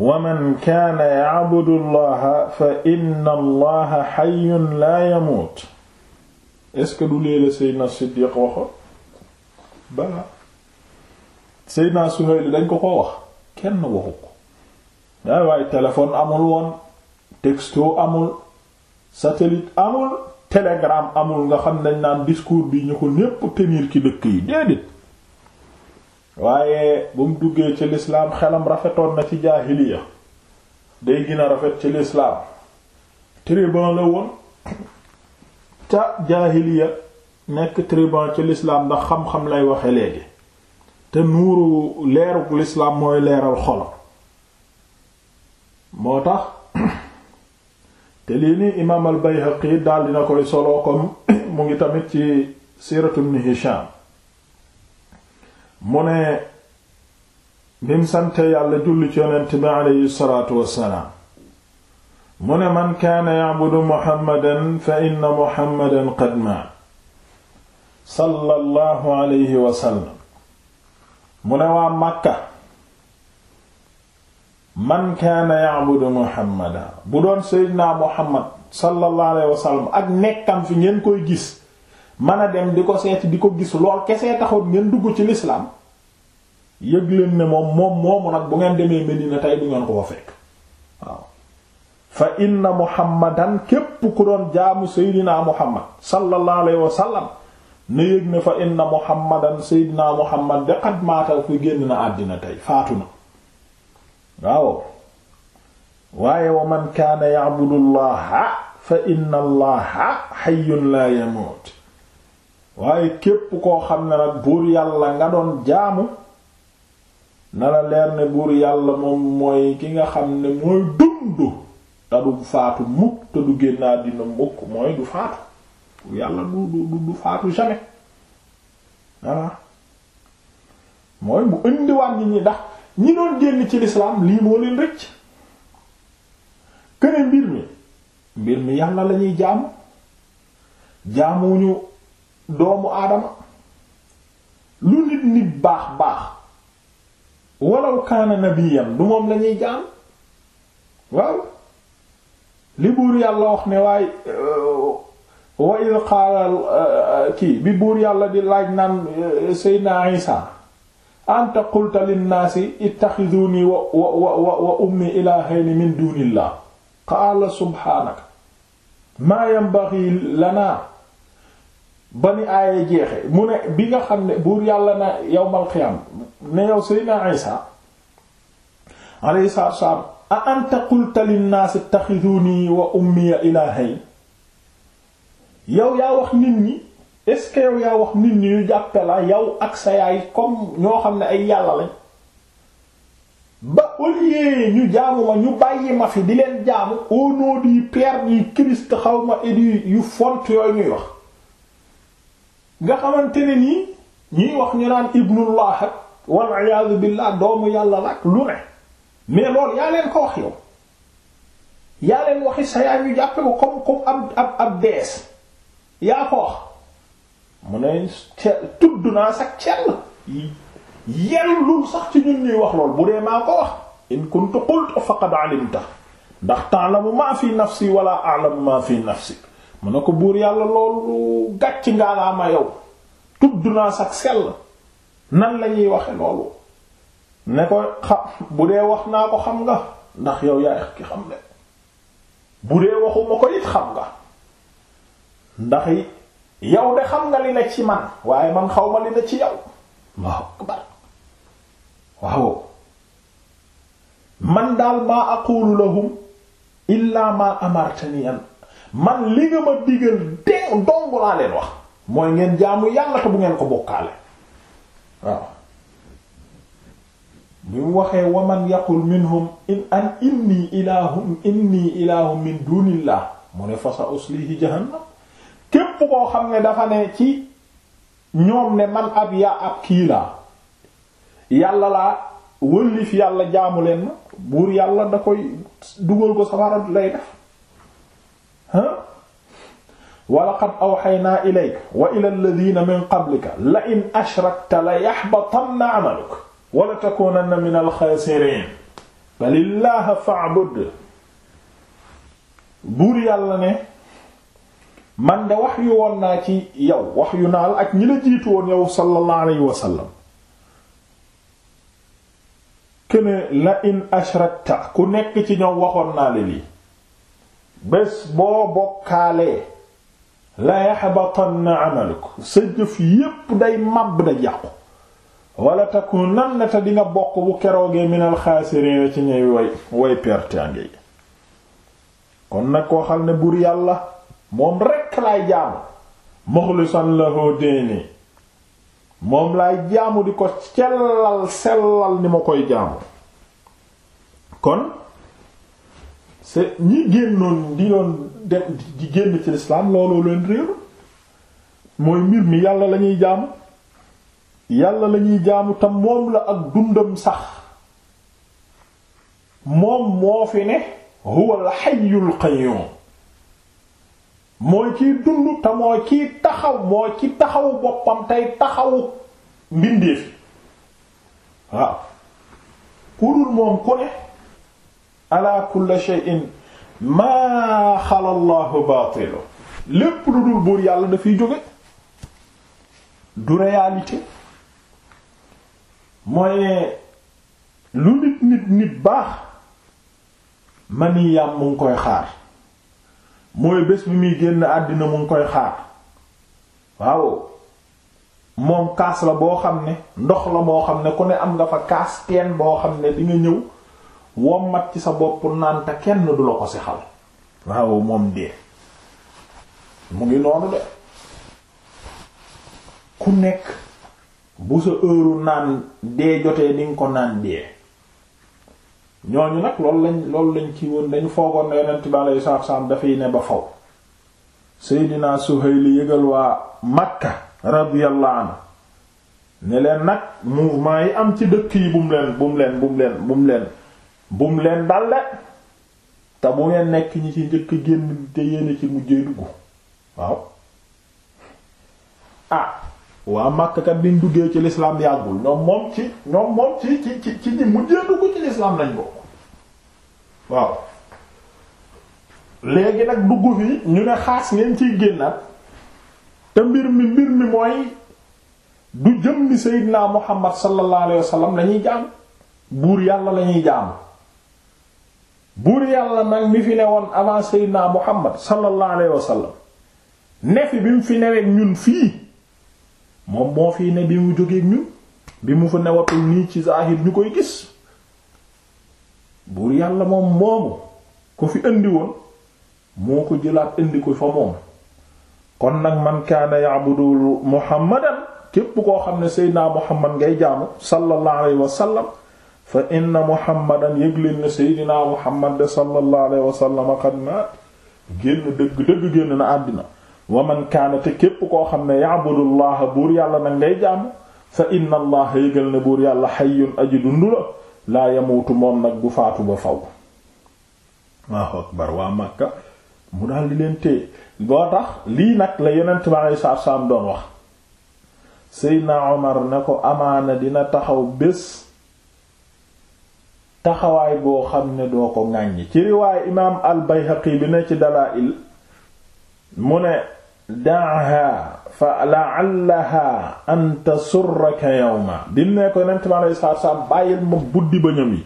wa man kaana yacbudu allaha fa inna allaha xayyun laa yamuut est-ce que du léegi la Seydina Siddiq waxoon dañ ko ko wax kenn waxu ko waaye waaye téléphone amul woon texto amul satellite amul telegram amul nga xam nañ naan discours bi ñu ko ñépp tenir ci dëkk yi déedéet waaye bu mu duggee ci lislaam xelam rafetoon na ci jaahiliya day gën rafet ci lislaam tribun woon ca jaahiliya nekk tribun ci lislaam ndax xam-xam lay waxe léegi te nuuru leeruk lislaam mooy leeral xol moo tax te lii nii imaam al Bayhaqi daal dina koy solo comme mu ngi tamit ci siiratu Ibn Hisham mu ne bim yàlla julli ci yonent bi aleyhi salaatu wassalaam mu ne man kaana yacbudu muhammadan fa inna muhammadan qad maa sallallahu alayhi wa mu ne waa màkka man kaana yacbudu muhammadan bu doon seydinaa muhammad sallallahu alayhi wa sallam ak nekkam fi ngeen koy gis man a dem di ko seet di ko gis lool kesee taxoon ngeen dugg ci lislaam yëg leen ne moom moom moomu nag bu ngeen demee Medina tey du ngeen ko fa fekk fa inna muhammadan képp ku doon jaamu seydinaa muhammad sallallahu alayhi wa sallam na yëg ne fa inna muhammadan seydinaa muhammad de qad maata ku génn na àddina tey faatu na waaw waaye wa man kaana ya'budu allaha fa inna allaha hayyun laa yamuut waaye képp koo xam ne nag buur yàlla nga doon jaamu na la leer ne buur yàlla moom mooy ki nga xam ne mooy dundu te du faatu mukk te du génn àddina mukk mooy du faatu yàlla du du du faatu jamais voilà mooy mu indiwaat nit ñi ndax ñi doon génn ci lislaam lii moo leen rëcc këne mbir mi mbir mi yàlla lañuy jaamu jaamuñu doomu aadama lu nit nit baax baax walaw kaana nabiyam du moom lañuy jaam waaw li buur yàlla wax ne waaye euh, wa id qaala euh, kii bi buur yàlla di laaj naan euh, seydna isa anta qulta linnaasi ittaxiduni wa wa wa wa ummi ilaahayni min dunillah qaala subhaanaka maa yanbaghi lanaa ba ni aaya jeexe mu ne bi nga xam ne buur yàlla na yawmal qiyaam ne yow seydna isa alayhi salaam a anta qulta linnaas ittaxiduni wa ummiya ilaahayn yow yaa wax nit ñi est yaa wax nit ñi ñu jàppe la yow ak sa yaay comme ñoo xam ne ay yàlla lañ ba au ñu jaamu ma ñu bàyyi ma fi di leen jaamu au nom du Père du Christ xaw ma yu font yooyu ñuy wax nga xamante ne nii ñuy wax ñu naan ibnullah ak wal iyaadu billah doomu yàlla la ak lu ne mais loolu yaa leen ko wax yow yaa leen waxi sa yaay ñu jàppe ko comme comme ab ab ab dees yaa ko wax mu ne tudd naa sax cell yellul sax ci ñun ñuy wax lool bu dee maa ko wax in kuntu qultu faqad alimta ndax ta'lamu ma fi nafsi wala a'lamu ma fi nafsi mu ne ko buur yàlla loolu gàcc ngaa laa ma yow tudd naa sax sell nan lañuy waxe loolu ne ko xam bu dee wax naa ko xam nga ndax yow yaay ki xam ne bu dee waxuma ko it xam nga ndax yow de xam nga li ne ci man waaye man xaw ma li ne ci yow man daal maa aqulu lahum illaa maa amartani an man li nga ma digal de dong laa leen wax mooy ngeen jaamu yàlla bu ngeen ko bokkaale waaw bi mu waxee waman yaqul minhum in an inni ilaahum inni ilaahum min dunillah mu ne fasa uslihi jahannam képp koo xam ne dafa ne ci ñoom ne man ab yaa ab kii laa yàlla laa jaamu leen na buur yàlla da koy dugal ko safara lay def ha walaqad awxaynaa ilayka wa ila alladina min qablika la in ashrakta la yaxbatanna amaluka wala takuunanna min alxaasiriin balillaaha fa'bud buur yàlla ne man de wax yu woon naa ci yow wax yu naa la ak ñi la jiitu woon yow sallallahu alayhi wa la in ashrakta ku nekk ci ñoom waxoon naa la lii bés boo bokkaalee la yaxbatanna amaluk sa jëf yépp day màbb da yàqu wala takunanna te di bokk bu keroogee minal xaasiriin ci ñuy way way pertange yi kon nag koo xam ne buur yàlla moom rekk laay jaamu muxlisan lahu diini moom laay jaamu di ko sellal sellal ni ma koy jaamu kon c'est ñi génnoon di doon di génn ci lislaam looloo leen réer mooy mbir mi yàlla lañuy jaamu yàlla lañuy jaamu te moom la ak dundam sax moom moo fi ne huwal hayyul qayyum mooy kiy dund te mooy kiy taxaw mooy ci taxawu boppam tey taxawu mbindeef waaw ku moom ku ne ala kulli shay'in maa xala Allahu lépp lu dul buur yàlla dafay jóge du réalité mooy lu nit nit nit baax maniyaam mu ngi koy xaar mooy bés bi muy génn àddina mu ngi koy xaar waaw moom kaas la boo xam ne ndox la moo xam ne ku ne am nga fa kaas teen boo xam ne di nga ñëw wommat ci sa bopp naan te kenn du la ko si xal waaw moom dee mu ngi noonu de ku nekk bu sa heure naan dee jotee di ko naan dee ñooñu nag loolu lañ loolu lañ ci woon dañu foogoon na yonent bi aleyhi salaatu salaam dafay ne ba faw Seydina Suhayli yëgal waa Makka radiyallahu anhu ne leen nag mouvement yi am ci dëkk yi bum leen bum leen bum leen bum leen bum dal de te bu ngeen nekk ñi ci njëkk génn te yéene ci mujjee dugg waaw ah waa Makka kat biñ duggee ci l'islam yàggul ñoom moom ci ñoom moom ci ci ci ci ñi mujjee dugg ci l'islam lañ bokk waaw léegi nag dugg fi ñu ne xaas ngeen ciy génna te mbir mi mbir mi mooy du jëm ni na Muhammad sallallahu alayhi wasallam lañuy jaam buur yàlla lañuy jaam buur yàlla nag mi fi ne woon avant Seydina Muhammad sallallahu alayhi wasallam ne bi mu fi newee ñun fii moom moo fii ne bi mu jógeeg ñun bi mu fa newatul nii ci zahir ñu koy gis buur yàlla moom moomu ko fi indi woon moo ko jëlaat indi ko fa moom kon nag man kaana ya'budu muhammadan képp koo xam ne seydinaa muhammad ngay jaamu sallallahu alayhi wa sallam fa inna muhammadan yëg leen ne seydinaa muhammad de sallallahu alayhi wa sallam génn dëgg dëgg génn na àddina wa man kaana te képp koo xam ne ya'budullaha buur yàlla nag ngay jàmm fa inna allaha yëgal ne buur yàlla hayyun aji dundu la laa yamuutu moom nag bu faatu ba faw waaw akbar waa Makka mu daal di leen téye boo tax lii nag la yonent bi aleyhi salaatu salaam doon wax Seydina Omar ne ko amaana dina taxaw bés taxawaay boo xam ne doo ko ŋàññi ci riwaaye imaam al Bayhaqi bi ne ci Dalaa'il mu ne da'ha fa la'allaha an tasurraka yawma dil ne ko yonent bi alayhi salaatu salaam bàyyil ma buddi bëñam yi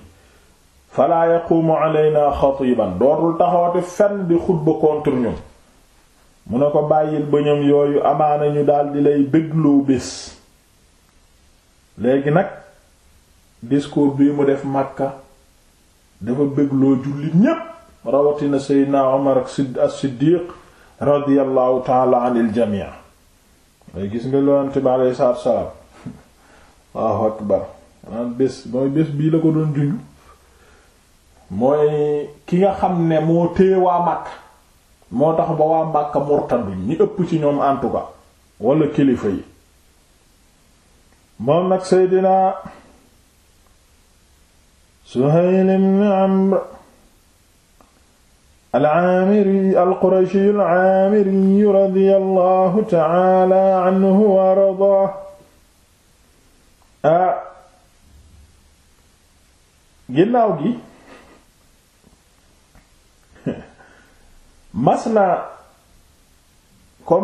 falaa yaquumu alayna xatiiban dootul taxawati fenn di xutba contre mu ne ko bàyyil bëñam yooyu amaana ñu daldi lay bégloo bés léegi nag discours bii mu def Makka dafa bégloo jullit ñépp rawatina Seydina Omar ak Siddiq radiyallahu taala anil jamii mooy gis nga loolante bi aleyhi salaatu salaam Allahu bés mooy bés bii la ko doon junj mooy ki nga xam ne moo téye waa Makka moo tax ba waa Makka murtadu ñi ëpp ci ñoom en tout wala kilifa yi moom nag Seydina Suhayl ibn Amr al-Aamiri al-Qurashi al-Aamiri radiyallahu ta'ala anhu wa ardaahu ah ginnaaw gi mas na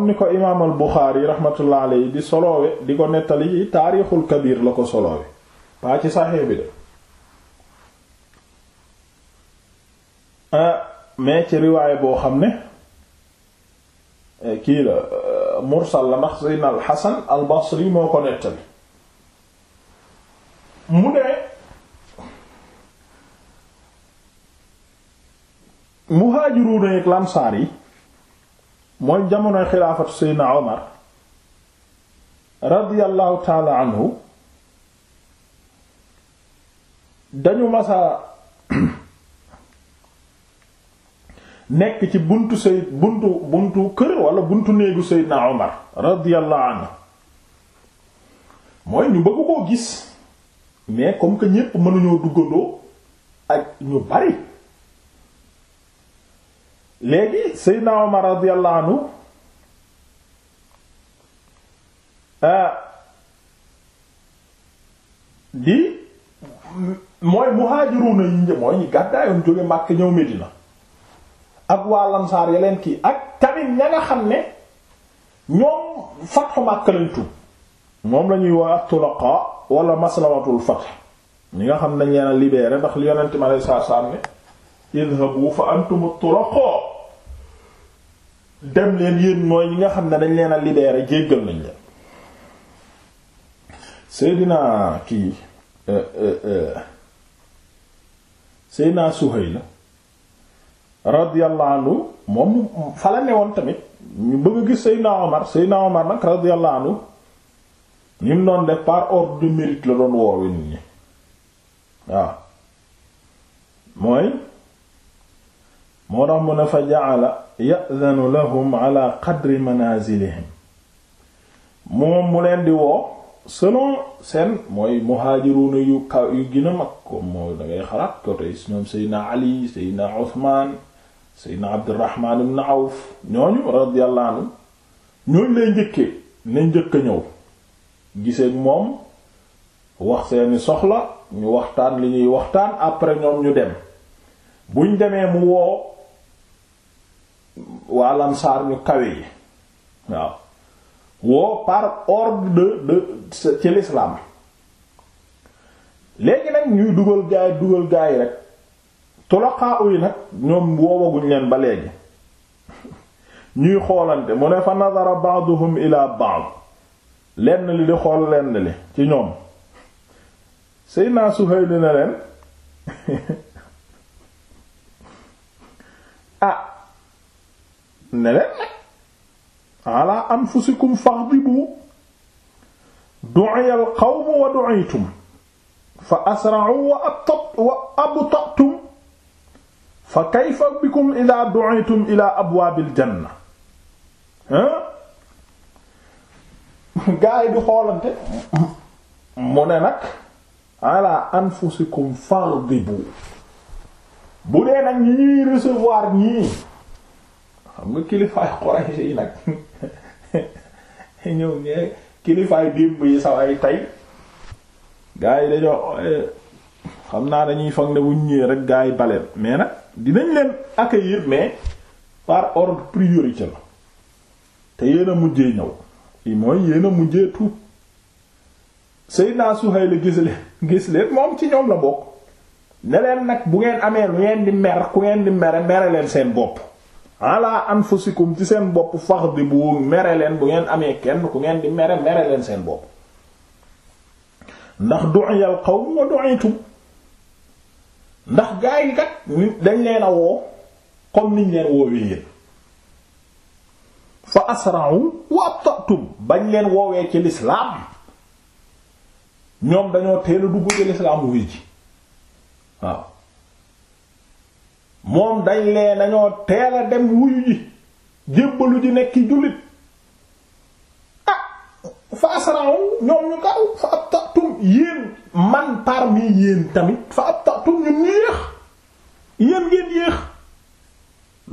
ni ko imaam al-Buxaari rahmatullah alayhi di soloowe di ko nettali ci taarixul la ko soloowe paa ci bi de ah, mais ci riwaay boo xam ne kii la mursal la ndax Seydina al Hasan moo ko nettali mu ne muhaajiruuna ak lamsaar yi mooy jamonoy xilaafatu Seydina Omar radiyallahu taala anhu dañu masa nekk ci buntu say buntu buntu kër wala buntu néegu Seydina Omar radiyallahu anhu mooy ñu bëgg koo gis mais comme que ñépp mënuñoo duggandoo ak ñu bari léegi Seydina Omar radiyallahu anhu di mooy muhaajiruuna yi mooy ñi gàddaayoon jóge Makka ñëw Medina ak waa Lansaar ya kii ak tamit ña nga xam ne ñoom fatxu Makka lañ tuub moom la ñuy woo ak tulaqa wala maslamatul ñi nga xam dañ leen a libéré ndax li yonente mi alei saatu salaam ne idhabu fa antum tulaqa dem leen yéen mooy ñi nga xam ne dañ leen a libéré jéggal nañ leen Seydina kii eh, eh, eh, Seydina Suhayla radiyallahu anhu moom fa la newoon tamit ñu bëgg a gis Seydina Omar Seydina Omar nag radiyallahu anhu ni doon def par ordre mérite la doon woowe nit waaw mooy moo tax mu ne fa ja'ala ya'zanu lahum ala qadri manazilihim moom mu leen di woo selon seen mooy muhajiruna yu kaw yu gën mag comme mooy dangay xalaat ko tey ñoom Seydina Ali Seydina Usmaan seydna abdirahman ibn auf ñooñu radiyallahu anhu ñooñu lay njëkkee nañ njëkk a ñëw giseeg moom wax seeni soxla ñu waxtaan li ñuy waxtaan après ñoom ñu dem buñ demee mu woo waa lansaar ñu kawe yi waaw woo par ordre de de ci l'islam léegi nag ñuy dugal gaay dugal gaay rek tulaqaa yi nag ñoom woowaguñ leen ba léegi ñuy xoolante mu ne fa nadara ba'duhum ila ba'd lenn li di xool lenn li ci ñoom Seydina Suhayl na leen ah ne leen ala anfusikum faghdibu du'iya al qawm wa du'itum fa asra'u wa abtatu fa kayfa bikum ida du'itum ila abwaabil janna gaa yi di xoolante mu ne nag ala anfusikum fardibu bu dee nag ñi ñuy recevoir ñii xam nga kilifaay Quraysh yi nag ñëw ñee kilifaay démb yi saw ay tey gaa yi dañoo eh, xam naa dañuy foog ne bu ñëwee rek gaa yi baleen mais nag dinañ leen accueillir mais par ordre priorité la te yéen a mujjee ñëw i mooy yéen mujjee tuub Seydina Suhayl la gis leen gis leen moom ci ñoom la bokk ne nag bu ngeen amee lu ngeen di mer ku ngeen di mere mere leen seen bopp ala anfusikum ci seen bopp fax bi bu mere leen bu ngeen amee kenn ku ngeen di mere mere leen seen bopp ndax ndax gaa yi kat dañ leen a woo comme niñ leen woowee yéen fa asra'u wa abta'tum bañ leen woowee ci lislaam ñoom dañoo teel a dugg ci lislaam wuy ji waaw moom dañ leen dañoo teel dem wuyu ji jébbalu ji nekk jullit ah fa asra'u ñoom ñu gaaw fa abta'tum yéen man parmi yéen tamit fa ab tatum ñun ñu yéex yéen ngeen yéex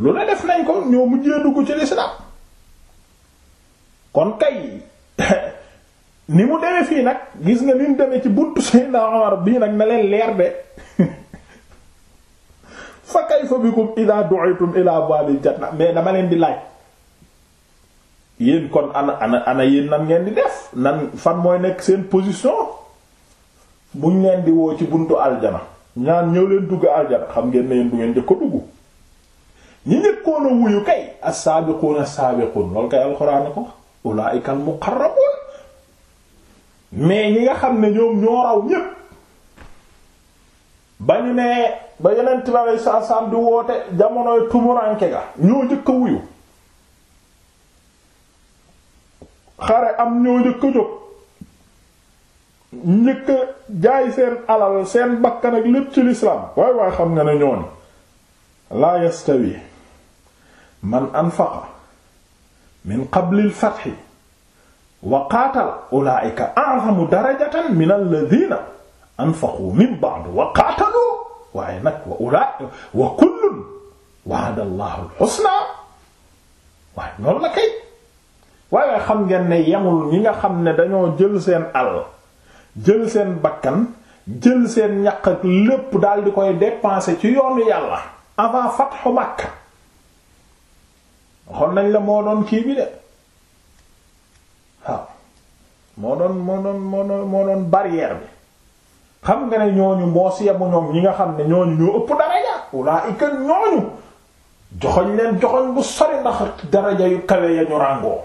lu ne def nañ ko ñoo mujjee ko ci lislaam kon kay ni mu demee fii nag gis nga ni mu demee ci buntu Seydina Omar bii nag na leen leer de fa kayfa bikum ila du'itum ila babil janna mais dama leen di laaj yéen kon ana ana ana yéen nan ngeen di def nan fan mooy nekk seen position buñ leen di woo ci buntu aljana ñaan ñëw leen dugg aljana xam ngeen ne yeen du ngeen njëkk ko ñi njëkkoon wuyu kay as-saabiquuna as-saabiquun loolu kay alxuraan ko ulaa'ika al-muqarrabuun mais ñi nga xam ne ñoom ñoo raw ñépp ba ñu ne ba yeneen tibaabay saa saam di woote jamonoy tumuranke ga ñoo njëkk wuyu xare am ñoo njëkk jóg njëkk jaay seen alal seen bakkan ak lépp ci lislaam waay waay xam nga ne ñoon laa yastawi man anfaqa min qabli al-fathi wa qaatala ulaa'ika a'zamu darajatan min alladhiina anfaqu min ba'du wa qaatalu waaye nag wa ulaa'ika wa kullun wa'ada xam ngeen ne yamul ñi nga xam ne dañoo jël seen alal jël seen bakkan jël seen ñaq ak lépp daal di koy dépenser ci yoonu yàlla avant fatxu Makka xon nañ la moo doon kii bi de moo doon moo doon moo doon moo bi xam nga ne ñooñu mboos yebu ñoom ñi nga xam ne ñooñu ñu ëpp daraja ulaa'ika ñooñu joxoñ leen joxoñ bu sori ndax daraja yu kawe ya ñu ràngoo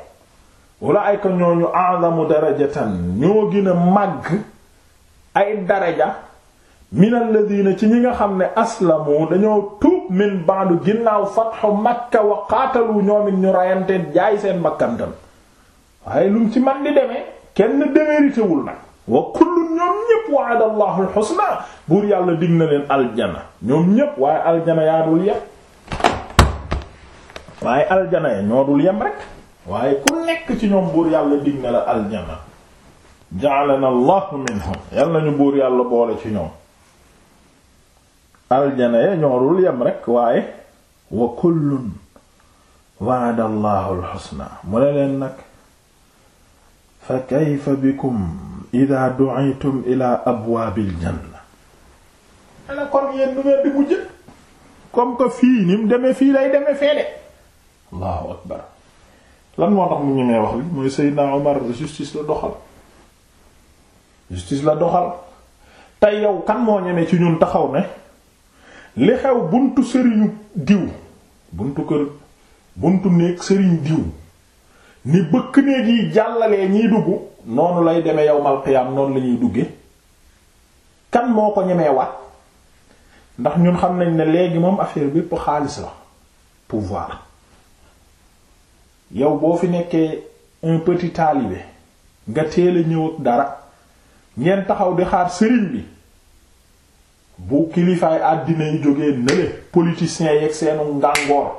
ulaayka ñooñu a'zamu darajatan ñoo gën a màgg ay daraja min alladina ci ñi nga xam ne aslamu dañoo tuub min ba'du ginnaaw fatxu makka wa qaatalu ñoomit ñu reyante jaay seen bakkantam waaye lu mu ci man di demee kenn déméritéwul nag wa kullun ñoom ñépp wa'ada allahu alxusna buur yàlla digg na leen aljana ñoom ñépp waaye aljana yaa dul yem waaye aljana ya ñoo dul yem rek waaye ku nekk ci ñoom buur yàlla dig na la aljanna ja'alana allahu minhum yàlla nañu buur yàlla boole ci ñoom aljana ya ñoorul yem rekk waaye wa kullun wa'ada allahu alxusna mu ne leen nag fa kayfa bikum ida du'itum ila abwaabil janna ana kon yeen fii ni mu demee fii lay demee feede allahu akbar lan moo tax mu ñemee wax li mooy Seydina Omar justice la doxal justice la doxal tey yow kan moo ñemee ci ñun taxaw ne li xew buntu sëriñu diw buntu kër buntu néeg sëriñ diw ni bëkk néeg yi jàllalee ñiy dugg noonu lay deme yowmal qiyaam noonu la ñuy dugge kan moo ko ñemee waat ndax ñun xam nañ ne léegi moom affaire bépp xaalis la pouvoir yow boo fi nekkee un petit talibé nga teel a ñëw dara ngeen taxaw di xaar sëriñ bi bu kilifaay àddina yi jógee nële politiciens yeeg seenu ngàngoor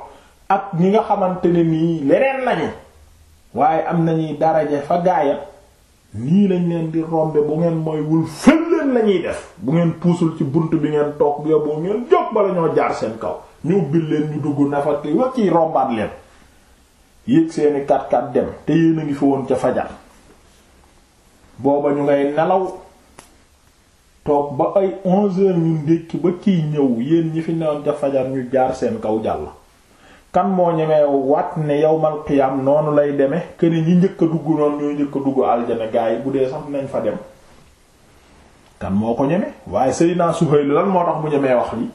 ak ñi nga xamante ne nii leneen lañu waaye am nañuy daraje fa gaaya nii lañ leen di rombe bu ngeen mooy wul fël leen lañuy def bu ngeen puusul ci bunt bi ngeen toog yow boo ngeen jóg bala ñoo jaar seen kaw ñu ubbil leen ñu dugg nafa ki wa ciy rombaat leen yéeg seeni 4 x dem te yéen a ngi fi woon ca fajar booba ñu ngay nelaw toog ba ay 11 heures ñu ndékki ba kiy ñëw yéen ñi fi newoon ca fajar ñu jaar seen kaw jàll kan moo ñemee wat ne yawmal qiyaam noonu lay deme këni ñi njëkk dugg noonu ñoo njëkk dugg aljana gaa yi bu dee sax nañ fa dem kan moo ko ñeme waaye Seydina Suhayl lan moo tax mu ñemee wax li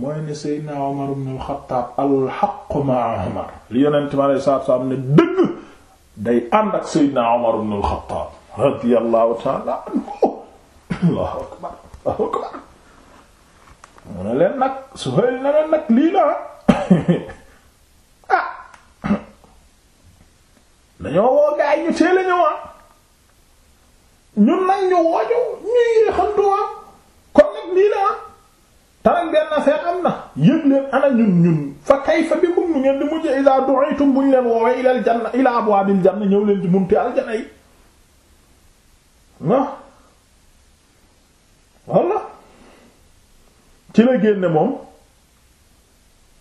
mooy ne Seydina Omar ibn al-Khattab al-haqqu ma'a Omar li yonent mi alayhi salaatu salaam ne dëgg day ànd ak Seydina Omar ibn al-Khattab radiyallahu ta'ala anhu Allahu akbar Allahu akbar mu ne leen nag Suhayl ne leen nag lii la ah dañoo woo gaa yi ñu teel a ñëwaat ñun nag ñu woo ñu ñu yéexantu kon nag lii la tant benn affaire am na yëg leen ana ñun ñun fa kayfa bikum nu ngeen di mujj ila du'itum buñ leen woowee ilal janna ila abwabil janna ñëw leen di munti aljana yi non walla ci la génne moom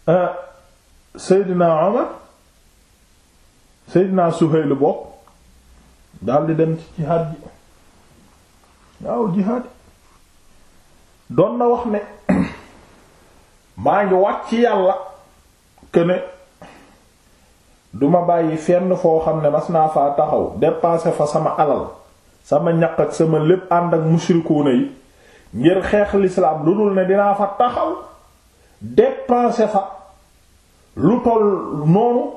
euh, Seydina Omar Seydina Suhayl bokk daldi dem ci jihaad ji waaw jihaad doon na wax ne maa ngi wàcc yàlla que ne duma bàyyi fenn foo xam ne mas naa faa taxaw dépasser fa sama alal sama ñaq ak sama lépp ànd ak mushrikuuna yi ngir xeex lislaam lu dul ne dinaa fa taxaw dépasser fa lu toll noonu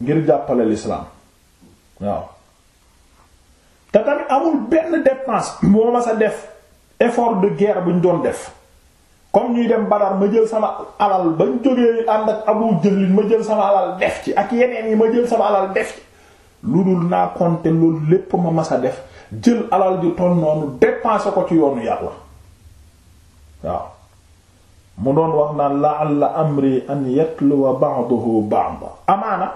ngir jàppale lislaam waaw te tamit amul benn dépense moo ma sa def effort de guerre bu ñu doon def comme ñuy dem Badar ma jël sama alal bañ jógee ànd ak Abu Jahl ma jël sama alal def ci ak yeneen yi ma jël sama alal def ci lu dul naa compter loolu lépp ma mas a def jël alal ju ton noonu dépenser ko ci yoonu yàlla waaw mu doon wax naan la'alla amri an yatluwa ba'dahu ba'da amaana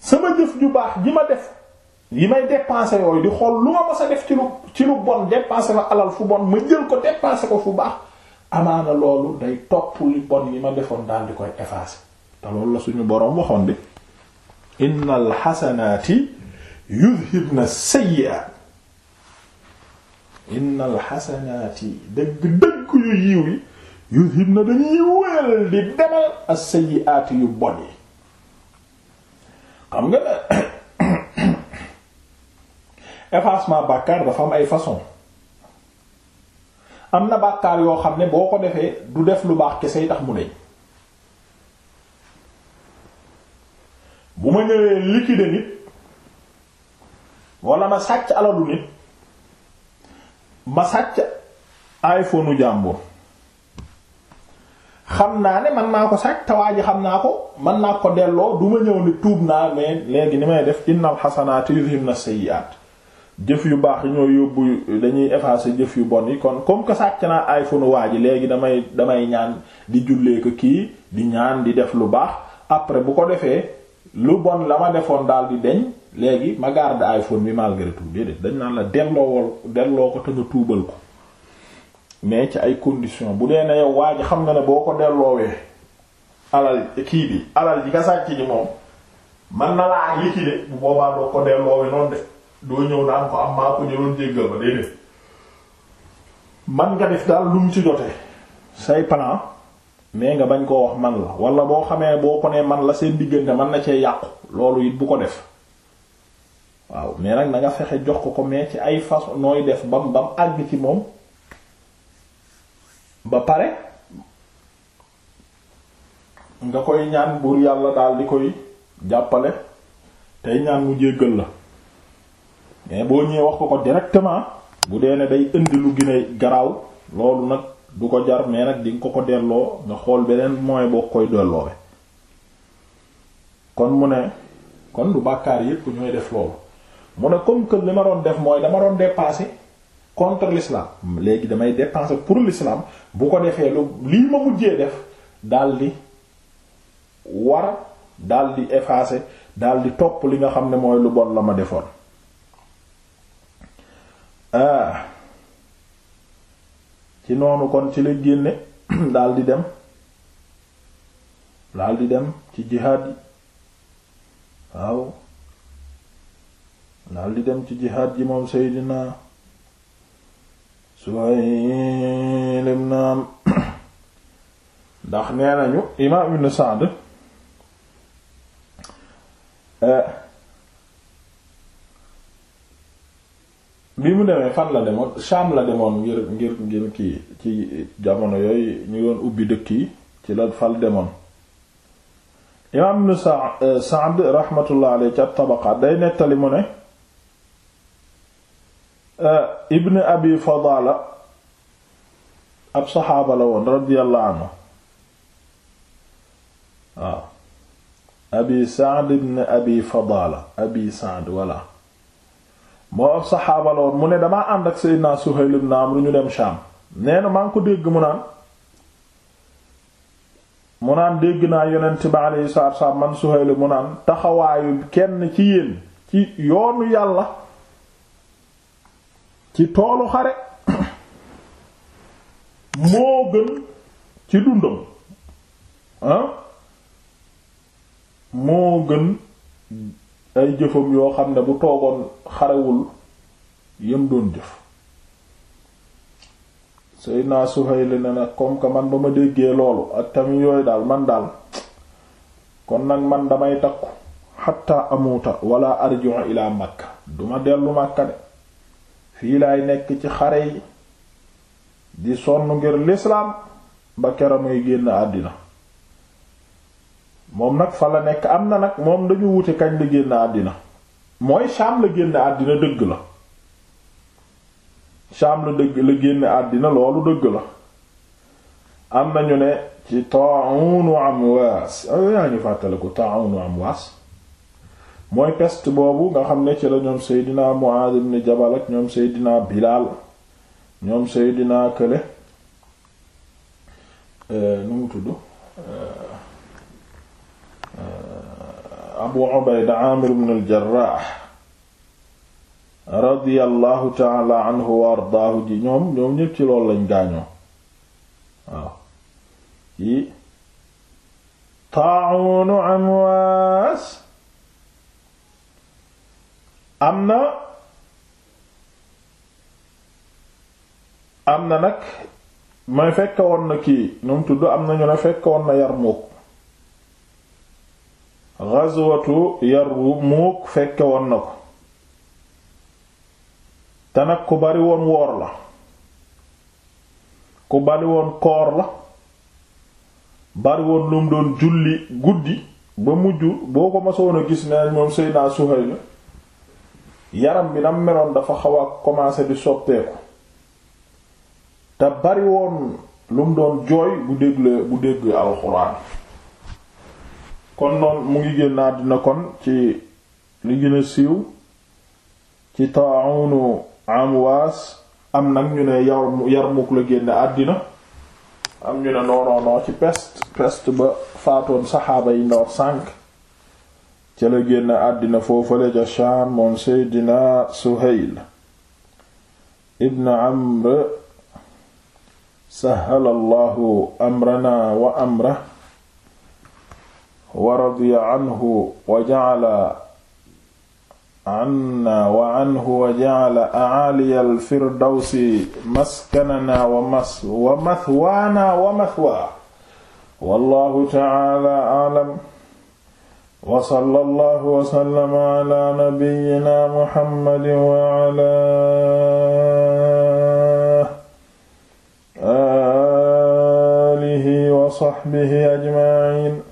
sama jëf ju baax ji ma def yi may dépenser yooyu di xool lu ma mas a def ci lu ci lu bon dépenser la alal fu bon ma jël ko dépenser ko fu baax amaana loolu day topp li bon yi ma defoon daal di koy effacer te loolu la suñu boroom waxoon de innal xasanaati yudhibna sayyi'aat innal xasanaati dëgg dëgg yu yiw yi yudhibna dañuy wël di demal as-sayyi'aat yu bon yi xam nga effacement bàkkaar dafa am ay façon am na bàkkaar yoo xam ne boo ko defee du def lu baax kese yi tax mu deñ bu ma ñëwee liquider nit wala ma sàcc alalu nit ma sàcc iPhoneu jàmbur xam naa ne man naa ko sàcc tawaa ji xam naa ko man naa ko delloo du ma ñëw ni tuub naa mais léegi ni may def innal xasanaatu na sayyi'aat jëf yu baax yi ñoo yóbbu dañuy effacer jëf yu bon yi kon comme que sàcc naa iPhone waa ji léegi damay damay ñaan di jullee ko kii di ñaan di def lu baax après bu ko defee lu bon la ma defoon daal di deñ léegi ma garde iPhone bi malgré tout dañ naan la delloo delloo ko te nga tuubal ko mais ci ay conditions bu dee ne yow waa ji xam nga ne boo ko delloowee alal kii bi alal ji nga sàcc ji moom mën na laa liquider bu boobaa doo ko delloowee noonu de. doo ñëw naan ko am maa ko jëloon jéggal ma déedéet man nga def daal lu mu ci jotee say plan mais nga bañ koo wax man la wala boo xamee boo ko nee man la seen diggante man na cee yàqu loolu it bu ko def waaw mais nag na nga fexe jox ko ko mais ci ay façon nooy def bam bam àgg ci moom ba pare nga koy ñaan buur yàlla daal di koy jàppale tey ñaan mu jéggal la mais boo ñëwee wax ko ko directement bu dee ne day indi lu gën garaaw loolu nag du ko jar mais nag di nga ko ko delloo nga xool beneen moyen boo koy delloo kon mu ne kon du bàkkaar yépp ñooy def loolu mu ne comme que li ma doon def mooy dama doon dépasser contre l'islam léegi damay dépasser pour l'islam bu ko defee lu lii ma mujjee def daldi war daldi effacer daldi topp li nga xam ne mooy lu bon la ma defoon. Ah. ci noonu kon ci la génne daal di dem daal di dem ci jihaad yi waaw daal di dem ci jihaad ji moom Seydina Suhayl ibn Amr ndax nee nañu imaam Ibn Sa'd eh, bi mu demee fan la demoon Sham la demoon ngir ngir ngir kii ci jamono yooyu ñu doon ubbi dëkk yi ci la fal demoon imaam ibn Sa'd euh, rahmatullah alayhi ca tabaqaat day nettali mu ne euh, ibn abi Fadala ab saxaaba la woon radiyallahu waaw abi Sa'd ibn abi Fadala abi Sa'd walla moo ab mu ne damaa ànd ak Seydina Suhayl ibn Amr ñu dem Sham nee na maa ngi ko dégg mu naan mu naan dégg naa yonent bi alayhi salaatu wassalaam man Suhayl mu naan taxawaayu kenn ci yéen ci yoonu yàlla ci toolu xare moo gën ci dundam ah moo gën ay jëfam yoo xam ne bu toogoon xarewul yem doon jëf Seydina Suhayl ne na comme que man ba ma déggee loolu ak tamit yooyu daal man daal kon nag man damay takku xatta amuuta wala arji'u ila Makka duma dellu Makka de fii laay nekk ci xare yi di sonn ngir lislaam ba keroog muy génn àddina moom nag fa la nekk am na nag moom dañu wute kañ la génn àddina mooy Sham la génn àddina dëgg la Sham la dëgg la génn àddina loolu dëgg la am nañu ne ci Ta'un Amwas yaa ñu fàttaliku Ta'un Amwas mooy peste boobu nga xam ne ci la ñoom Seydina Mu'adh ibn Jabal ak ñoom Seydina bilaal ñoom Seydina Kële euh, nu mu tudd euh, abu ubayda amir ibn al-jarraax radiyallahu taala anhu wa ji ñoom ñoom ñépp ci loolu lañ gaañoo waaw yi taawunu amwaas am na am na nag may fekk na kii ñoom tudd am na ñu ne na Yarmuk ghazwatu Yarmuk fekke woon na ko te nag ku bari woon woor la ku bari woon koor la bari woon lu mu doon julli guddi ba mujj boo ko masoon a gis ne moom Seydina Suhayl yaram bi nam meloon dafa xaw a commencé di soppeeku te bari woon lu mu doon jooy bu déglee bu dégg alxuraan kon noonu mu ngi génn àddina kon ci li gën siiw ci taawunu Amwaas am nag ñu ne Yarmuk la génn àddina am ñu ne noonoonoo ci peste peste ba faatoon saxaaba yi ndox sànq ca la génn àddina foofale ja Shaam moom Seydina Suhayl ibn Amr sahalallahu amrana wa amra wa radiya anhu wa ja'ala anna wa anhu wa ja'ala a'aliya al-firdawsi maskanana wa mas wa mathwaana wa mathwaa wallahu ta'ala a'lam wa sallallahu wa sallama ala nabiyyina muhammadin wa ala alihi wa sahbihi ajma'in